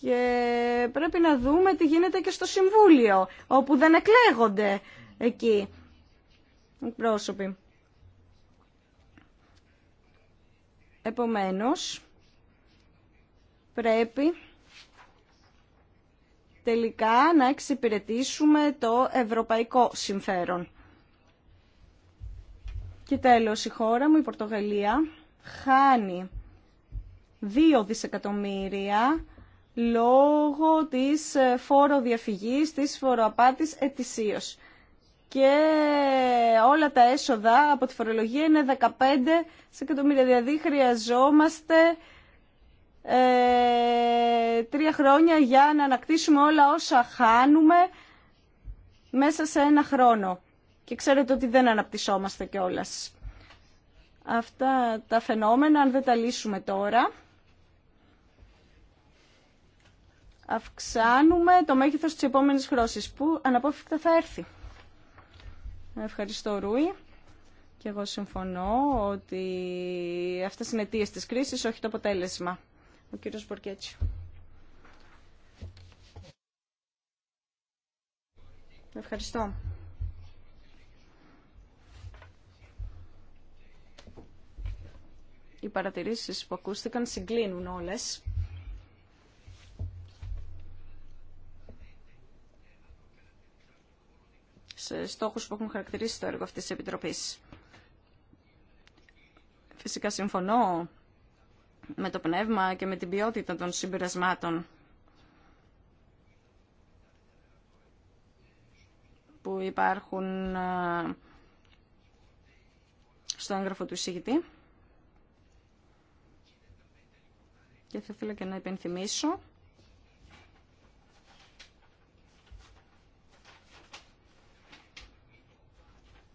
Και πρέπει να δούμε τι γίνεται και στο Συμβούλιο, όπου δεν εκλέγονται εκεί οι πρόσωποι. Επομένως, πρέπει τελικά να εξυπηρετήσουμε το ευρωπαϊκό συμφέρον. Και τέλος η χώρα μου, η Πορτογαλία, χάνει 2 δισεκατομμύρια λόγω της φοροδιαφυγής, της φοροαπάτης ετησίως. Και όλα τα έσοδα από τη φορολογία είναι 15 δισεκατομμύρια. Δηλαδή χρειαζόμαστε ε, τρία χρόνια για να ανακτήσουμε όλα όσα χάνουμε μέσα σε ένα χρόνο. Και ξέρετε ότι δεν αναπτυσσόμαστε όλας. Αυτά τα φαινόμενα, αν δεν τα λύσουμε τώρα, αυξάνουμε το μέγεθος της επόμενης χρώσης που αναπόφευκτα θα έρθει. Ευχαριστώ Ρούι. Και εγώ συμφωνώ ότι αυτές είναι αιτίες της κρίσης, όχι το αποτέλεσμα. Ο κύριος Μπορκέτσι. Ευχαριστώ. Οι παρατηρήσεις που ακούστηκαν συγκλίνουν όλες. σε στόχους που έχουν χαρακτηρίσει το έργο αυτής της Επιτροπής. Φυσικά συμφωνώ με το πνεύμα και με την ποιότητα των συμπερασμάτων που υπάρχουν στο έγγραφο του εισηγητή. Και θα ήθελα και να υπενθυμίσω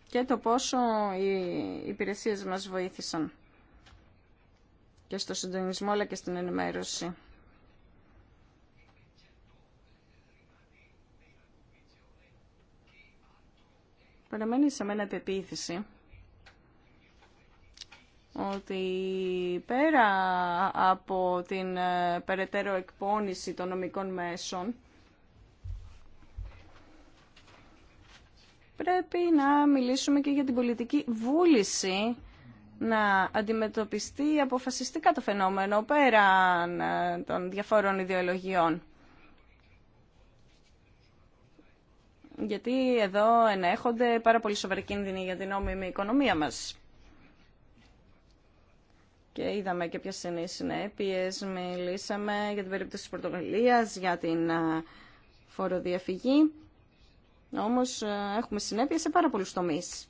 και το πόσο οι υπηρεσίες μας βοήθησαν και στο συντονισμό αλλά και στην ενημέρωση. Παραμένει σε μένα πεποίθηση ότι πέρα από την ε, περαιτέρω εκπόνηση των νομικών μέσων πρέπει να μιλήσουμε και για την πολιτική βούληση να αντιμετωπιστεί αποφασιστικά το φαινόμενο πέραν ε, των διαφόρων ιδεολογιών. Γιατί εδώ ενέχονται πάρα πολύ σοβαροί κίνδυνοι για την νόμιμη οικονομία μας. Και είδαμε και ποιες είναι οι συνέπειες. Μιλήσαμε για την περίπτωση της Πορτογαλίας, για την ε, φοροδιαφυγή. Όμως ε, έχουμε συνέπειες σε πάρα πολλούς τομείς.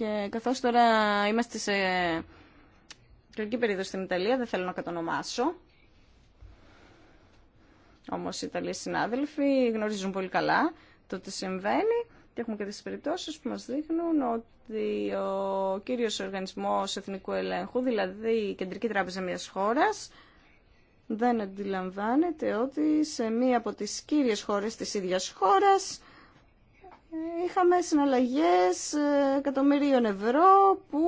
Και καθώς τώρα είμαστε σε εκλογική περίοδο στην Ιταλία, δεν θέλω να κατονομάσω, όμως οι Ιταλοί συνάδελφοι γνωρίζουν πολύ καλά το τι συμβαίνει και έχουμε και τις περιπτώσεις που μας δείχνουν ότι ο κύριος οργανισμός εθνικού ελέγχου, δηλαδή η Κεντρική Τράπεζα μιας χώρας, δεν αντιλαμβάνεται ότι σε μία από τις κύριες χώρες της ίδιας χώρας είχαμε συναλλαγές ε, εκατομμυρίων ευρώ που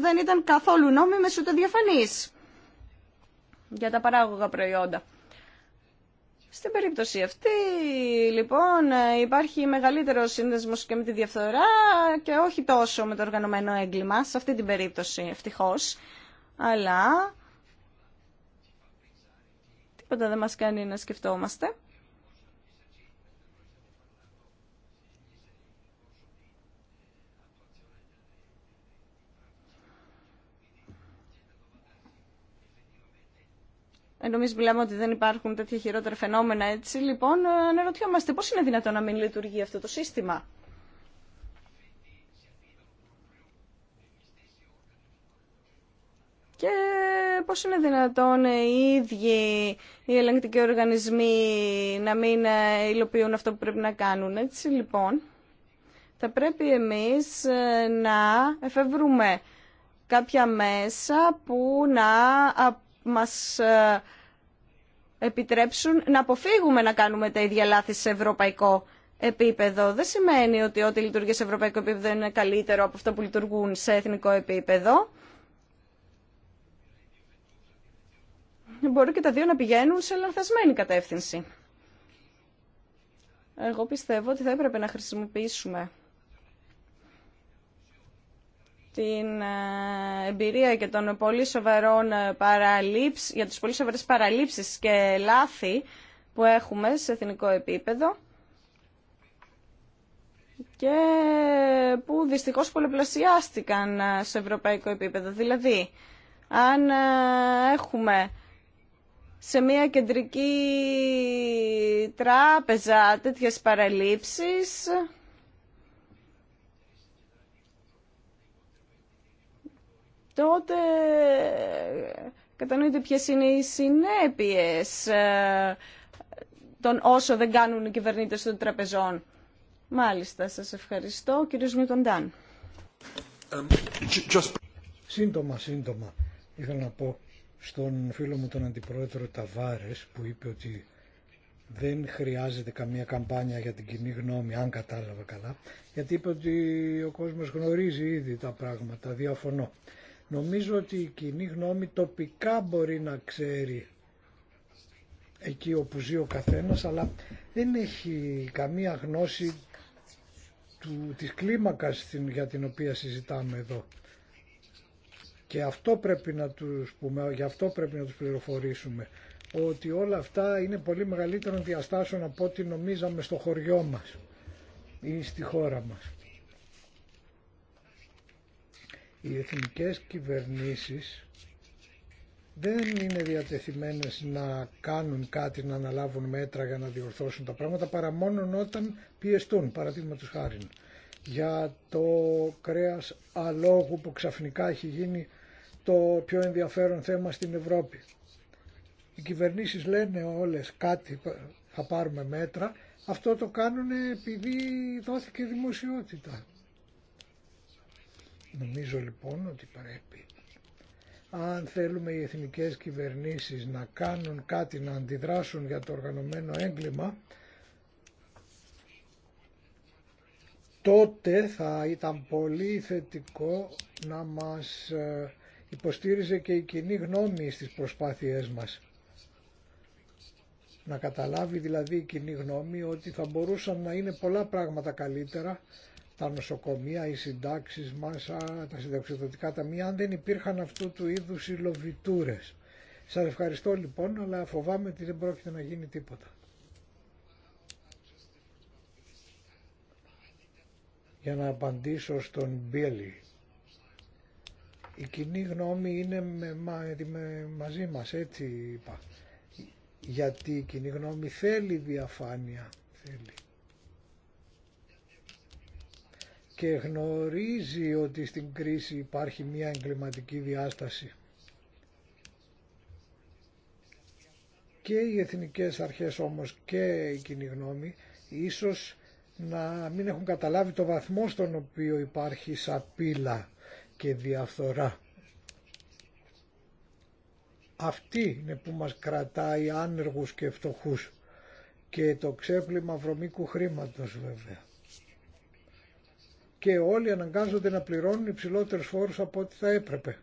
δεν ήταν καθόλου νόμιμες ούτε διαφανείς για τα παράγωγα προϊόντα. Στην περίπτωση αυτή, λοιπόν, ε, υπάρχει μεγαλύτερο σύνδεσμος και με τη διαφθορά και όχι τόσο με το οργανωμένο έγκλημα, σε αυτή την περίπτωση, ευτυχώς. Αλλά τίποτα δεν μας κάνει να σκεφτόμαστε Ενώ εμεί μιλάμε ότι δεν υπάρχουν τέτοια χειρότερα φαινόμενα έτσι. Λοιπόν, αναρωτιόμαστε πώς είναι δυνατόν να μην λειτουργεί αυτό το σύστημα. Και πώς είναι δυνατόν οι ίδιοι οι ελεγκτικοί οργανισμοί να μην υλοποιούν αυτό που πρέπει να κάνουν. Έτσι λοιπόν, θα πρέπει εμείς ε, να εφεύρουμε κάποια μέσα που να μας ε, επιτρέψουν να αποφύγουμε να κάνουμε τα ίδια λάθη σε ευρωπαϊκό επίπεδο. Δεν σημαίνει ότι ό,τι λειτουργεί σε ευρωπαϊκό επίπεδο είναι καλύτερο από αυτό που λειτουργούν σε εθνικό επίπεδο. Μπορεί και τα δύο να πηγαίνουν σε λανθασμένη κατεύθυνση. Εγώ πιστεύω ότι θα έπρεπε να χρησιμοποιήσουμε την ε, εμπειρία και των πολύ σοβαρών ε, παραλήψ, για τις πολύ σοβαρές παραλήψεις και λάθη που έχουμε σε εθνικό επίπεδο και ε, που δυστυχώς πολλαπλασιάστηκαν σε ευρωπαϊκό επίπεδο. Δηλαδή, αν έχουμε σε μια κεντρική τράπεζα τέτοιες παραλήψεις, τότε ε, κατανοείτε ποιες είναι οι συνέπειες ε, των όσο δεν κάνουν οι κυβερνήτες των τραπεζών. Μάλιστα, σας ευχαριστώ. Ο κύριος Νιούτον Σύντομα, σύντομα. Ήθελα να πω στον φίλο μου τον Αντιπρόεδρο Ταβάρες που είπε ότι δεν χρειάζεται καμία καμπάνια για την κοινή γνώμη, αν κατάλαβα καλά, γιατί είπε ότι ο κόσμος γνωρίζει ήδη τα πράγματα, διαφωνώ. Νομίζω ότι η κοινή γνώμη τοπικά μπορεί να ξέρει εκεί όπου ζει ο καθένας, αλλά δεν έχει καμία γνώση του, της κλίμακας για την οποία συζητάμε εδώ. Και αυτό πρέπει να τους πούμε, γι' αυτό πρέπει να τους πληροφορήσουμε, ότι όλα αυτά είναι πολύ μεγαλύτερων διαστάσεων από ό,τι νομίζαμε στο χωριό μας ή στη χώρα μας οι εθνικές κυβερνήσεις δεν είναι διατεθειμένες να κάνουν κάτι, να αναλάβουν μέτρα για να διορθώσουν τα πράγματα παρά μόνο όταν πιεστούν, παραδείγματος χάρη, για το κρέας αλόγου που ξαφνικά έχει γίνει το πιο ενδιαφέρον θέμα στην Ευρώπη. Οι κυβερνήσεις λένε όλες κάτι θα πάρουμε μέτρα, αυτό το κάνουν επειδή δόθηκε δημοσιότητα. Νομίζω λοιπόν ότι πρέπει αν θέλουμε οι εθνικές κυβερνήσεις να κάνουν κάτι, να αντιδράσουν για το οργανωμένο έγκλημα, τότε θα ήταν πολύ θετικό να μας ε, υποστήριζε και η κοινή γνώμη στις προσπάθειές μας. Να καταλάβει δηλαδή η κοινή γνώμη ότι θα μπορούσαν να είναι πολλά πράγματα καλύτερα τα νοσοκομεία, οι συντάξεις μας, τα συνταξιδοτικά ταμεία, αν δεν υπήρχαν αυτού του είδους υλοβιτούρες. Σας ευχαριστώ λοιπόν, αλλά φοβάμαι ότι δεν πρόκειται να γίνει τίποτα. Για να απαντήσω στον Μπίλι. Η κοινή γνώμη είναι με, μαζί μας, έτσι είπα. Γιατί η κοινή γνώμη θέλει διαφάνεια, θέλει. και γνωρίζει ότι στην κρίση υπάρχει μια εγκληματική διάσταση. Και οι εθνικές αρχές όμως και η κοινή γνώμη ίσως να μην έχουν καταλάβει το βαθμό στον οποίο υπάρχει σαπίλα και διαφθορά. Αυτή είναι που μας κρατάει άνεργους και φτωχούς και το ξέπλυμα βρωμίκου χρήματος βέβαια και όλοι αναγκάζονται να πληρώνουν υψηλότερους φόρους από ό,τι θα έπρεπε.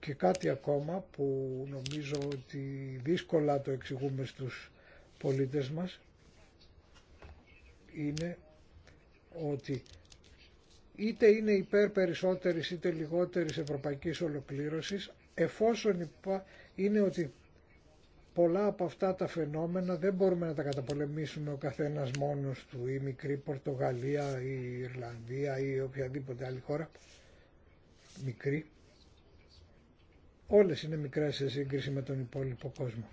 Και κάτι ακόμα που νομίζω ότι δύσκολα το εξηγούμε στους πολίτες μας είναι ότι είτε είναι υπέρ περισσότερης είτε λιγότερης ευρωπαϊκής ολοκλήρωσης εφόσον είναι ότι πολλά από αυτά τα φαινόμενα δεν μπορούμε να τα καταπολεμήσουμε ο καθένας μόνος του ή μικρή Πορτογαλία ή Ιρλανδία ή οποιαδήποτε άλλη χώρα μικρή όλες είναι μικρές σε σύγκριση με τον υπόλοιπο κόσμο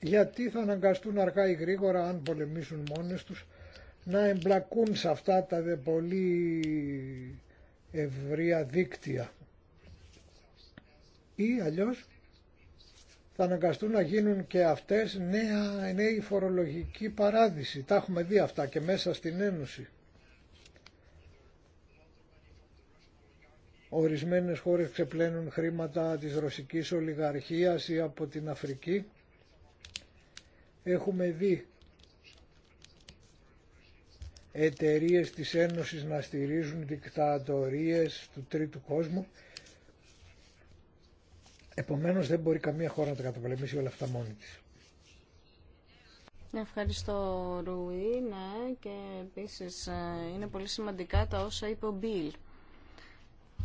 γιατί θα αναγκαστούν αργά ή γρήγορα αν πολεμήσουν μόνες τους να εμπλακούν σε αυτά τα δε πολύ ευρεία δίκτυα ή αλλιώς θα αναγκαστούν να γίνουν και αυτές νέα, νέοι φορολογική παράδειση. Τα έχουμε δει αυτά και μέσα στην Ένωση. Ορισμένες χώρες ξεπλένουν χρήματα της ρωσικής ολιγαρχίας ή από την Αφρική. Έχουμε δει εταιρείες της Ένωσης να στηρίζουν δικτατορίες του τρίτου κόσμου. Επομένως δεν μπορεί καμία χώρα να τα καταπολεμήσει όλα αυτά μόνη της. Ευχαριστώ Ρουί, ναι, και επίσης ε, είναι πολύ σημαντικά τα όσα είπε ο Μπίλ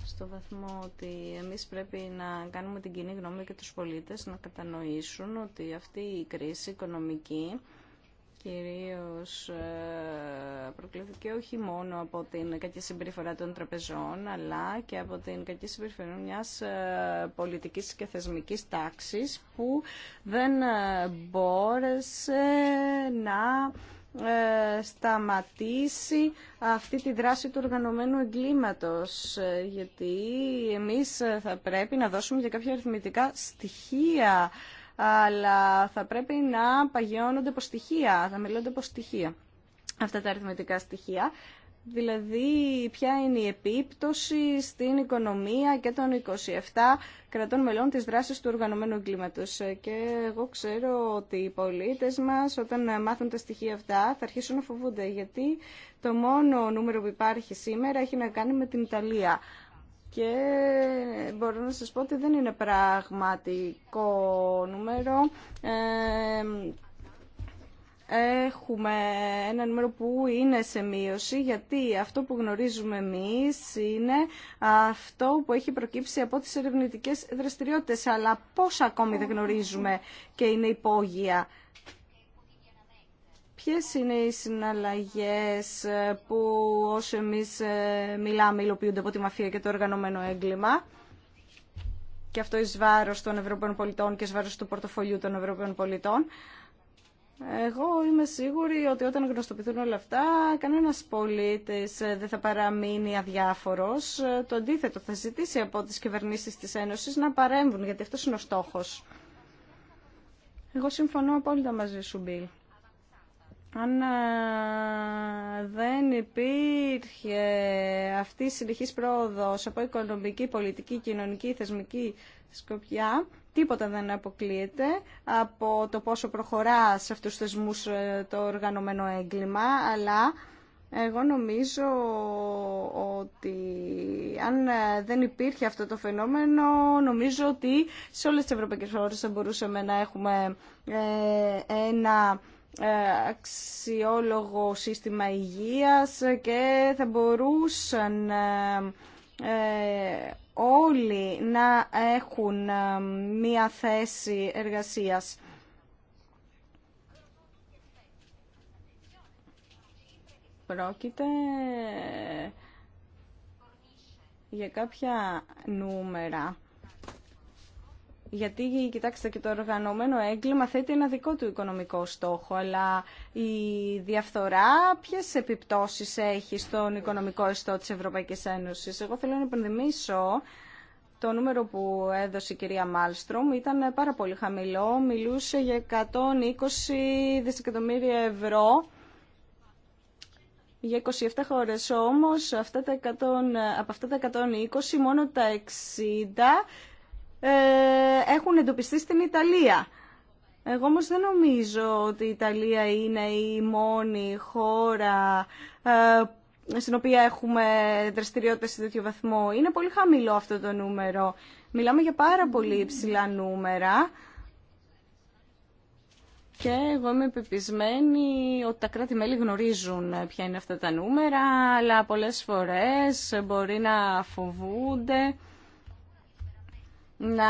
στο βαθμό ότι εμείς πρέπει να κάνουμε την κοινή γνώμη και τους πολίτες να κατανοήσουν ότι αυτή η κρίση οικονομική κυρίως ε, προκλήθηκε όχι μόνο από την κακή συμπεριφορά των τραπεζών, αλλά και από την κακή συμπεριφορά μιας ε, πολιτικής και θεσμικής τάξης που δεν ε, μπόρεσε να σταματήσει αυτή τη δράση του οργανωμένου εγκλήματος γιατί εμείς θα πρέπει να δώσουμε και κάποια αριθμητικά στοιχεία αλλά θα πρέπει να παγιώνονται από στοιχεία, να μιλούνται από στοιχεία αυτά τα αριθμητικά στοιχεία. Δηλαδή, ποια είναι η επίπτωση στην οικονομία και των 27 κρατών μελών της δράσης του οργανωμένου κλίματος. Ε, και εγώ ξέρω ότι οι πολίτες μας όταν ε, μάθουν τα στοιχεία αυτά θα αρχίσουν να φοβούνται γιατί το μόνο νούμερο που υπάρχει σήμερα έχει να κάνει με την Ιταλία και μπορώ να σας πω ότι δεν είναι πραγματικό νούμερο. Έχουμε ένα νούμερο που είναι σε μείωση γιατί αυτό που γνωρίζουμε εμείς είναι αυτό που έχει προκύψει από τις ερευνητικές δραστηριότητες αλλά πόσα ακόμη δεν γνωρίζουμε και είναι υπόγεια Ποιες είναι οι συναλλαγές ε, που όσο εμείς ε, μιλάμε υλοποιούνται από τη μαφία και το οργανωμένο έγκλημα και αυτό εις βάρος των Ευρωπαίων πολιτών και εις βάρος του πορτοφολιού των Ευρωπαίων πολιτών. Εγώ είμαι σίγουρη ότι όταν γνωστοποιηθούν όλα αυτά, κανένας πολίτης ε, δεν θα παραμείνει αδιάφορος. Το αντίθετο θα ζητήσει από τις κυβερνήσεις της Ένωσης να παρέμβουν, γιατί αυτός είναι ο στόχος. Εγώ συμφωνώ απόλυτα μαζί σου, Μπίλ αν ε, δεν υπήρχε αυτή η συνεχής πρόοδος από οικονομική, πολιτική, κοινωνική, θεσμική σκοπιά, τίποτα δεν αποκλείεται από το πόσο προχωρά σε αυτούς τους θεσμούς ε, το οργανωμένο έγκλημα, αλλά εγώ νομίζω ότι αν ε, δεν υπήρχε αυτό το φαινόμενο, νομίζω ότι σε όλες τις ευρωπαϊκές χώρες θα μπορούσαμε να έχουμε ένα ε, αξιόλογο σύστημα υγείας και θα μπορούσαν ε, ε, όλοι να έχουν μία θέση εργασίας. Πρόκειται για κάποια νούμερα γιατί, κοιτάξτε, και το οργανωμένο έγκλημα θέτει ένα δικό του οικονομικό στόχο, αλλά η διαφθορά ποιε επιπτώσεις έχει στον οικονομικό ιστό της Ευρωπαϊκής Ένωσης. Εγώ θέλω να επενδυμίσω το νούμερο που έδωσε η κυρία Μάλστρομ ήταν πάρα πολύ χαμηλό. Μιλούσε για 120 δισεκατομμύρια ευρώ για 27 χώρες. Όμως αυτά τα 100, από αυτά τα 120 μόνο τα 60 ε, έχουν εντοπιστεί στην Ιταλία. Εγώ όμως δεν νομίζω ότι η Ιταλία είναι η μόνη χώρα ε, στην οποία έχουμε δραστηριότητες σε τέτοιο βαθμό. Είναι πολύ χαμηλό αυτό το νούμερο. Μιλάμε για πάρα πολύ υψηλά νούμερα. Και εγώ είμαι πεπισμένη ότι τα κράτη-μέλη γνωρίζουν ποια είναι αυτά τα νούμερα, αλλά πολλές φορές μπορεί να φοβούνται να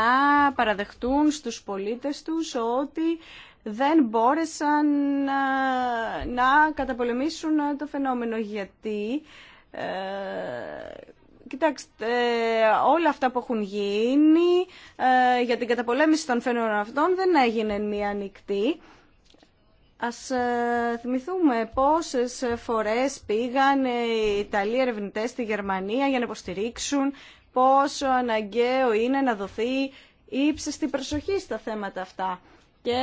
παραδεχτούν στους πολίτες τους ότι δεν μπόρεσαν ε, να καταπολεμήσουν το φαινόμενο. Γιατί, ε, κοιτάξτε, όλα αυτά που έχουν γίνει ε, για την καταπολέμηση των φαινόμενων αυτών δεν έγινε μία νυχτή. Ας θυμηθούμε πόσες φορές πήγαν οι Ιταλοί ερευνητές στη Γερμανία για να υποστηρίξουν πόσο αναγκαίο είναι να δοθεί ύψιστη προσοχή στα θέματα αυτά. Και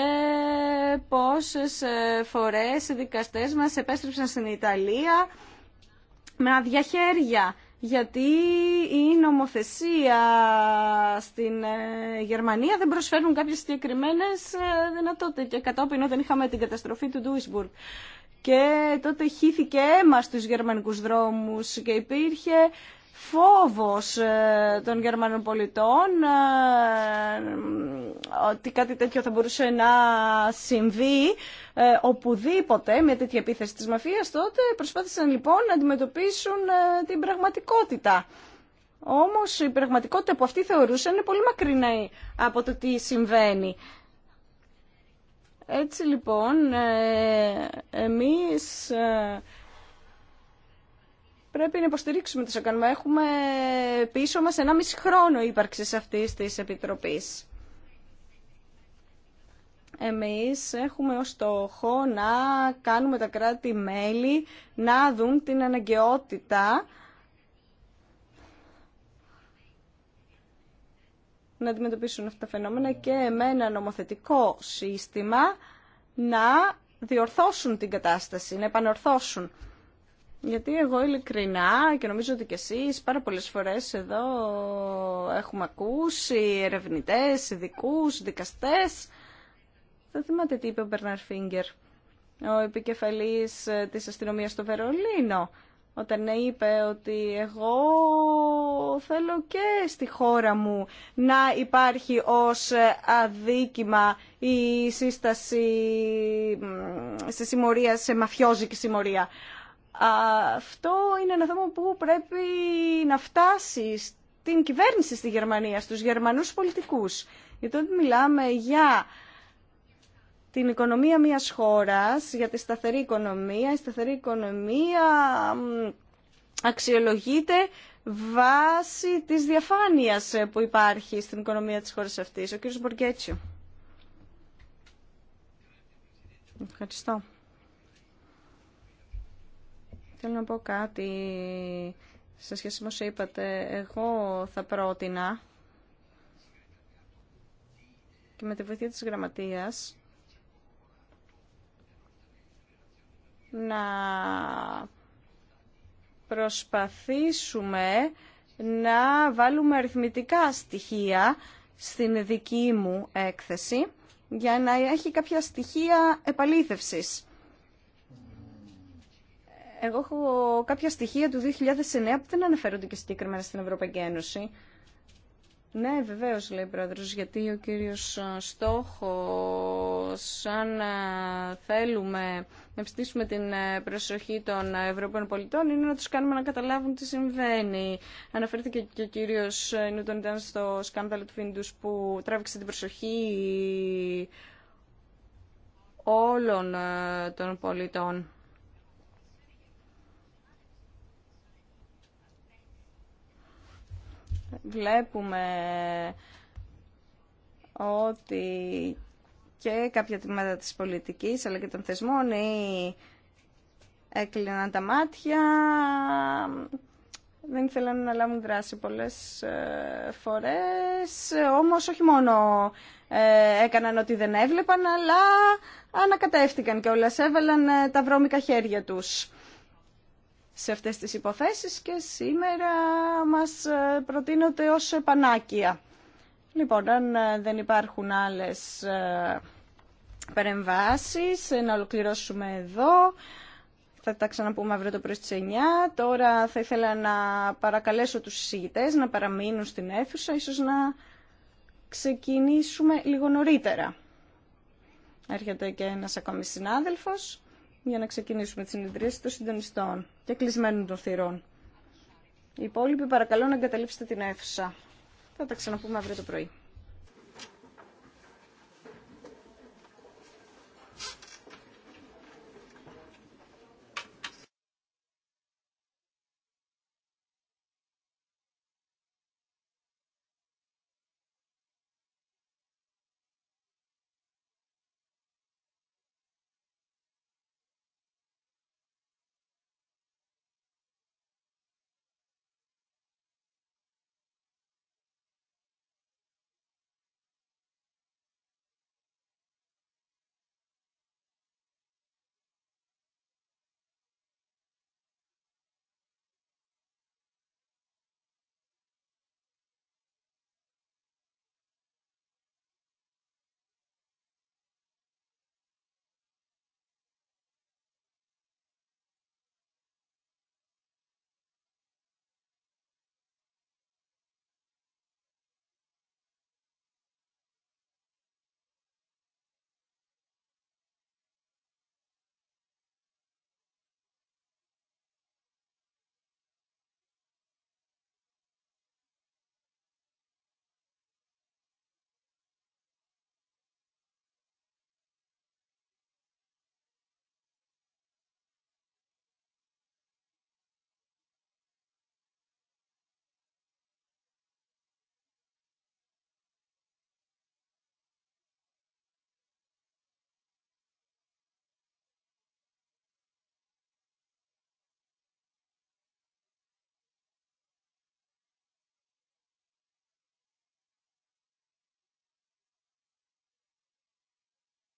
πόσες ε, φορές οι δικαστές μας επέστρεψαν στην Ιταλία με αδιαχέρια γιατί η νομοθεσία στην ε, Γερμανία δεν προσφέρουν κάποιες συγκεκριμένε ε, δυνατότητες και κατόπιν όταν είχαμε την καταστροφή του Duisburg. Και τότε χύθηκε αίμα στους γερμανικούς δρόμους και υπήρχε φόβος ε, των Γερμανών πολιτών ε, ότι κάτι τέτοιο θα μπορούσε να συμβεί ε, οπουδήποτε με τέτοια επίθεση της μαφίας, τότε προσπάθησαν λοιπόν να αντιμετωπίσουν την πραγματικότητα. Όμως η πραγματικότητα που αυτοί θεωρούσαν είναι πολύ μακρινή από το τι συμβαίνει. Έτσι λοιπόν, εμείς πρέπει να υποστηρίξουμε το κάνουμε. Έχουμε πίσω μας μισή χρόνο ύπαρξης αυτής της Επιτροπής. Εμείς έχουμε ως στόχο να κάνουμε τα κράτη-μέλη να δουν την αναγκαιότητα να αντιμετωπίσουν αυτά τα φαινόμενα και με ένα νομοθετικό σύστημα να διορθώσουν την κατάσταση, να επανορθώσουν. Γιατί εγώ ειλικρινά και νομίζω ότι και εσείς πάρα πολλές φορές εδώ έχουμε ακούσει ερευνητές, ειδικού, δικαστές. Θα θυμάται τι είπε ο Μπερνάρ Φίγκερ, ο επικεφαλής ε, της αστυνομίας στο Βερολίνο, όταν είπε ότι εγώ θέλω και στη χώρα μου να υπάρχει ως αδίκημα η σύσταση σε μαφιόζικη συμμορία. Αυτό είναι ένα θέμα που πρέπει να φτάσει στην κυβέρνηση στη Γερμανία, στους γερμανούς πολιτικούς. Γιατί όταν μιλάμε για την οικονομία μιας χώρας, για τη σταθερή οικονομία, η σταθερή οικονομία αξιολογείται βάσει της διαφάνειας που υπάρχει στην οικονομία της χώρας αυτής. Ο κύριος Μποργκέτσιο. Ευχαριστώ. Θέλω να πω κάτι σε σχέση με όσα είπατε. Εγώ θα πρότεινα και με τη βοήθεια της γραμματείας να προσπαθήσουμε να βάλουμε αριθμητικά στοιχεία στην δική μου έκθεση για να έχει κάποια στοιχεία επαλήθευσης. Εγώ έχω κάποια στοιχεία του 2009 που δεν αναφέρονται και συγκεκριμένα στην Ευρωπαϊκή Ένωση. Ναι, βεβαίω, λέει ο πρόεδρο, γιατί ο κύριο ε, στόχο, αν ε, θέλουμε να ψηφίσουμε την ε, προσοχή των Ευρωπαίων πολιτών, είναι να του κάνουμε να καταλάβουν τι συμβαίνει. Αναφέρθηκε και ο κύριο Νιούτον στο σκάνδαλο του Φίντου που τράβηξε την προσοχή όλων των πολιτών. βλέπουμε ότι και κάποια τμήματα της πολιτικής αλλά και των θεσμών ή έκλειναν τα μάτια, δεν ήθελαν να λάβουν δράση πολλές ε, φορές, όμως όχι μόνο ε, έκαναν ότι δεν έβλεπαν, αλλά ανακατεύτηκαν και όλες έβαλαν ε, τα βρώμικα χέρια τους σε αυτές τις υποθέσεις και σήμερα μας ε, προτείνονται ως επανάκια. Λοιπόν, αν ε, δεν υπάρχουν άλλες ε, παρεμβάσεις, να ολοκληρώσουμε εδώ. Θα τα ξαναπούμε αύριο το πρωί στις 9. Τώρα θα ήθελα να παρακαλέσω τους συζητητές να παραμείνουν στην αίθουσα, ίσως να ξεκινήσουμε λίγο νωρίτερα. Έρχεται και ένας ακόμη συνάδελφος για να ξεκινήσουμε τη συνεδρίαση των συντονιστών και κλεισμένων των θυρών. Οι υπόλοιποι παρακαλώ να εγκαταλείψετε την αίθουσα. Θα τα ξαναπούμε αύριο το πρωί.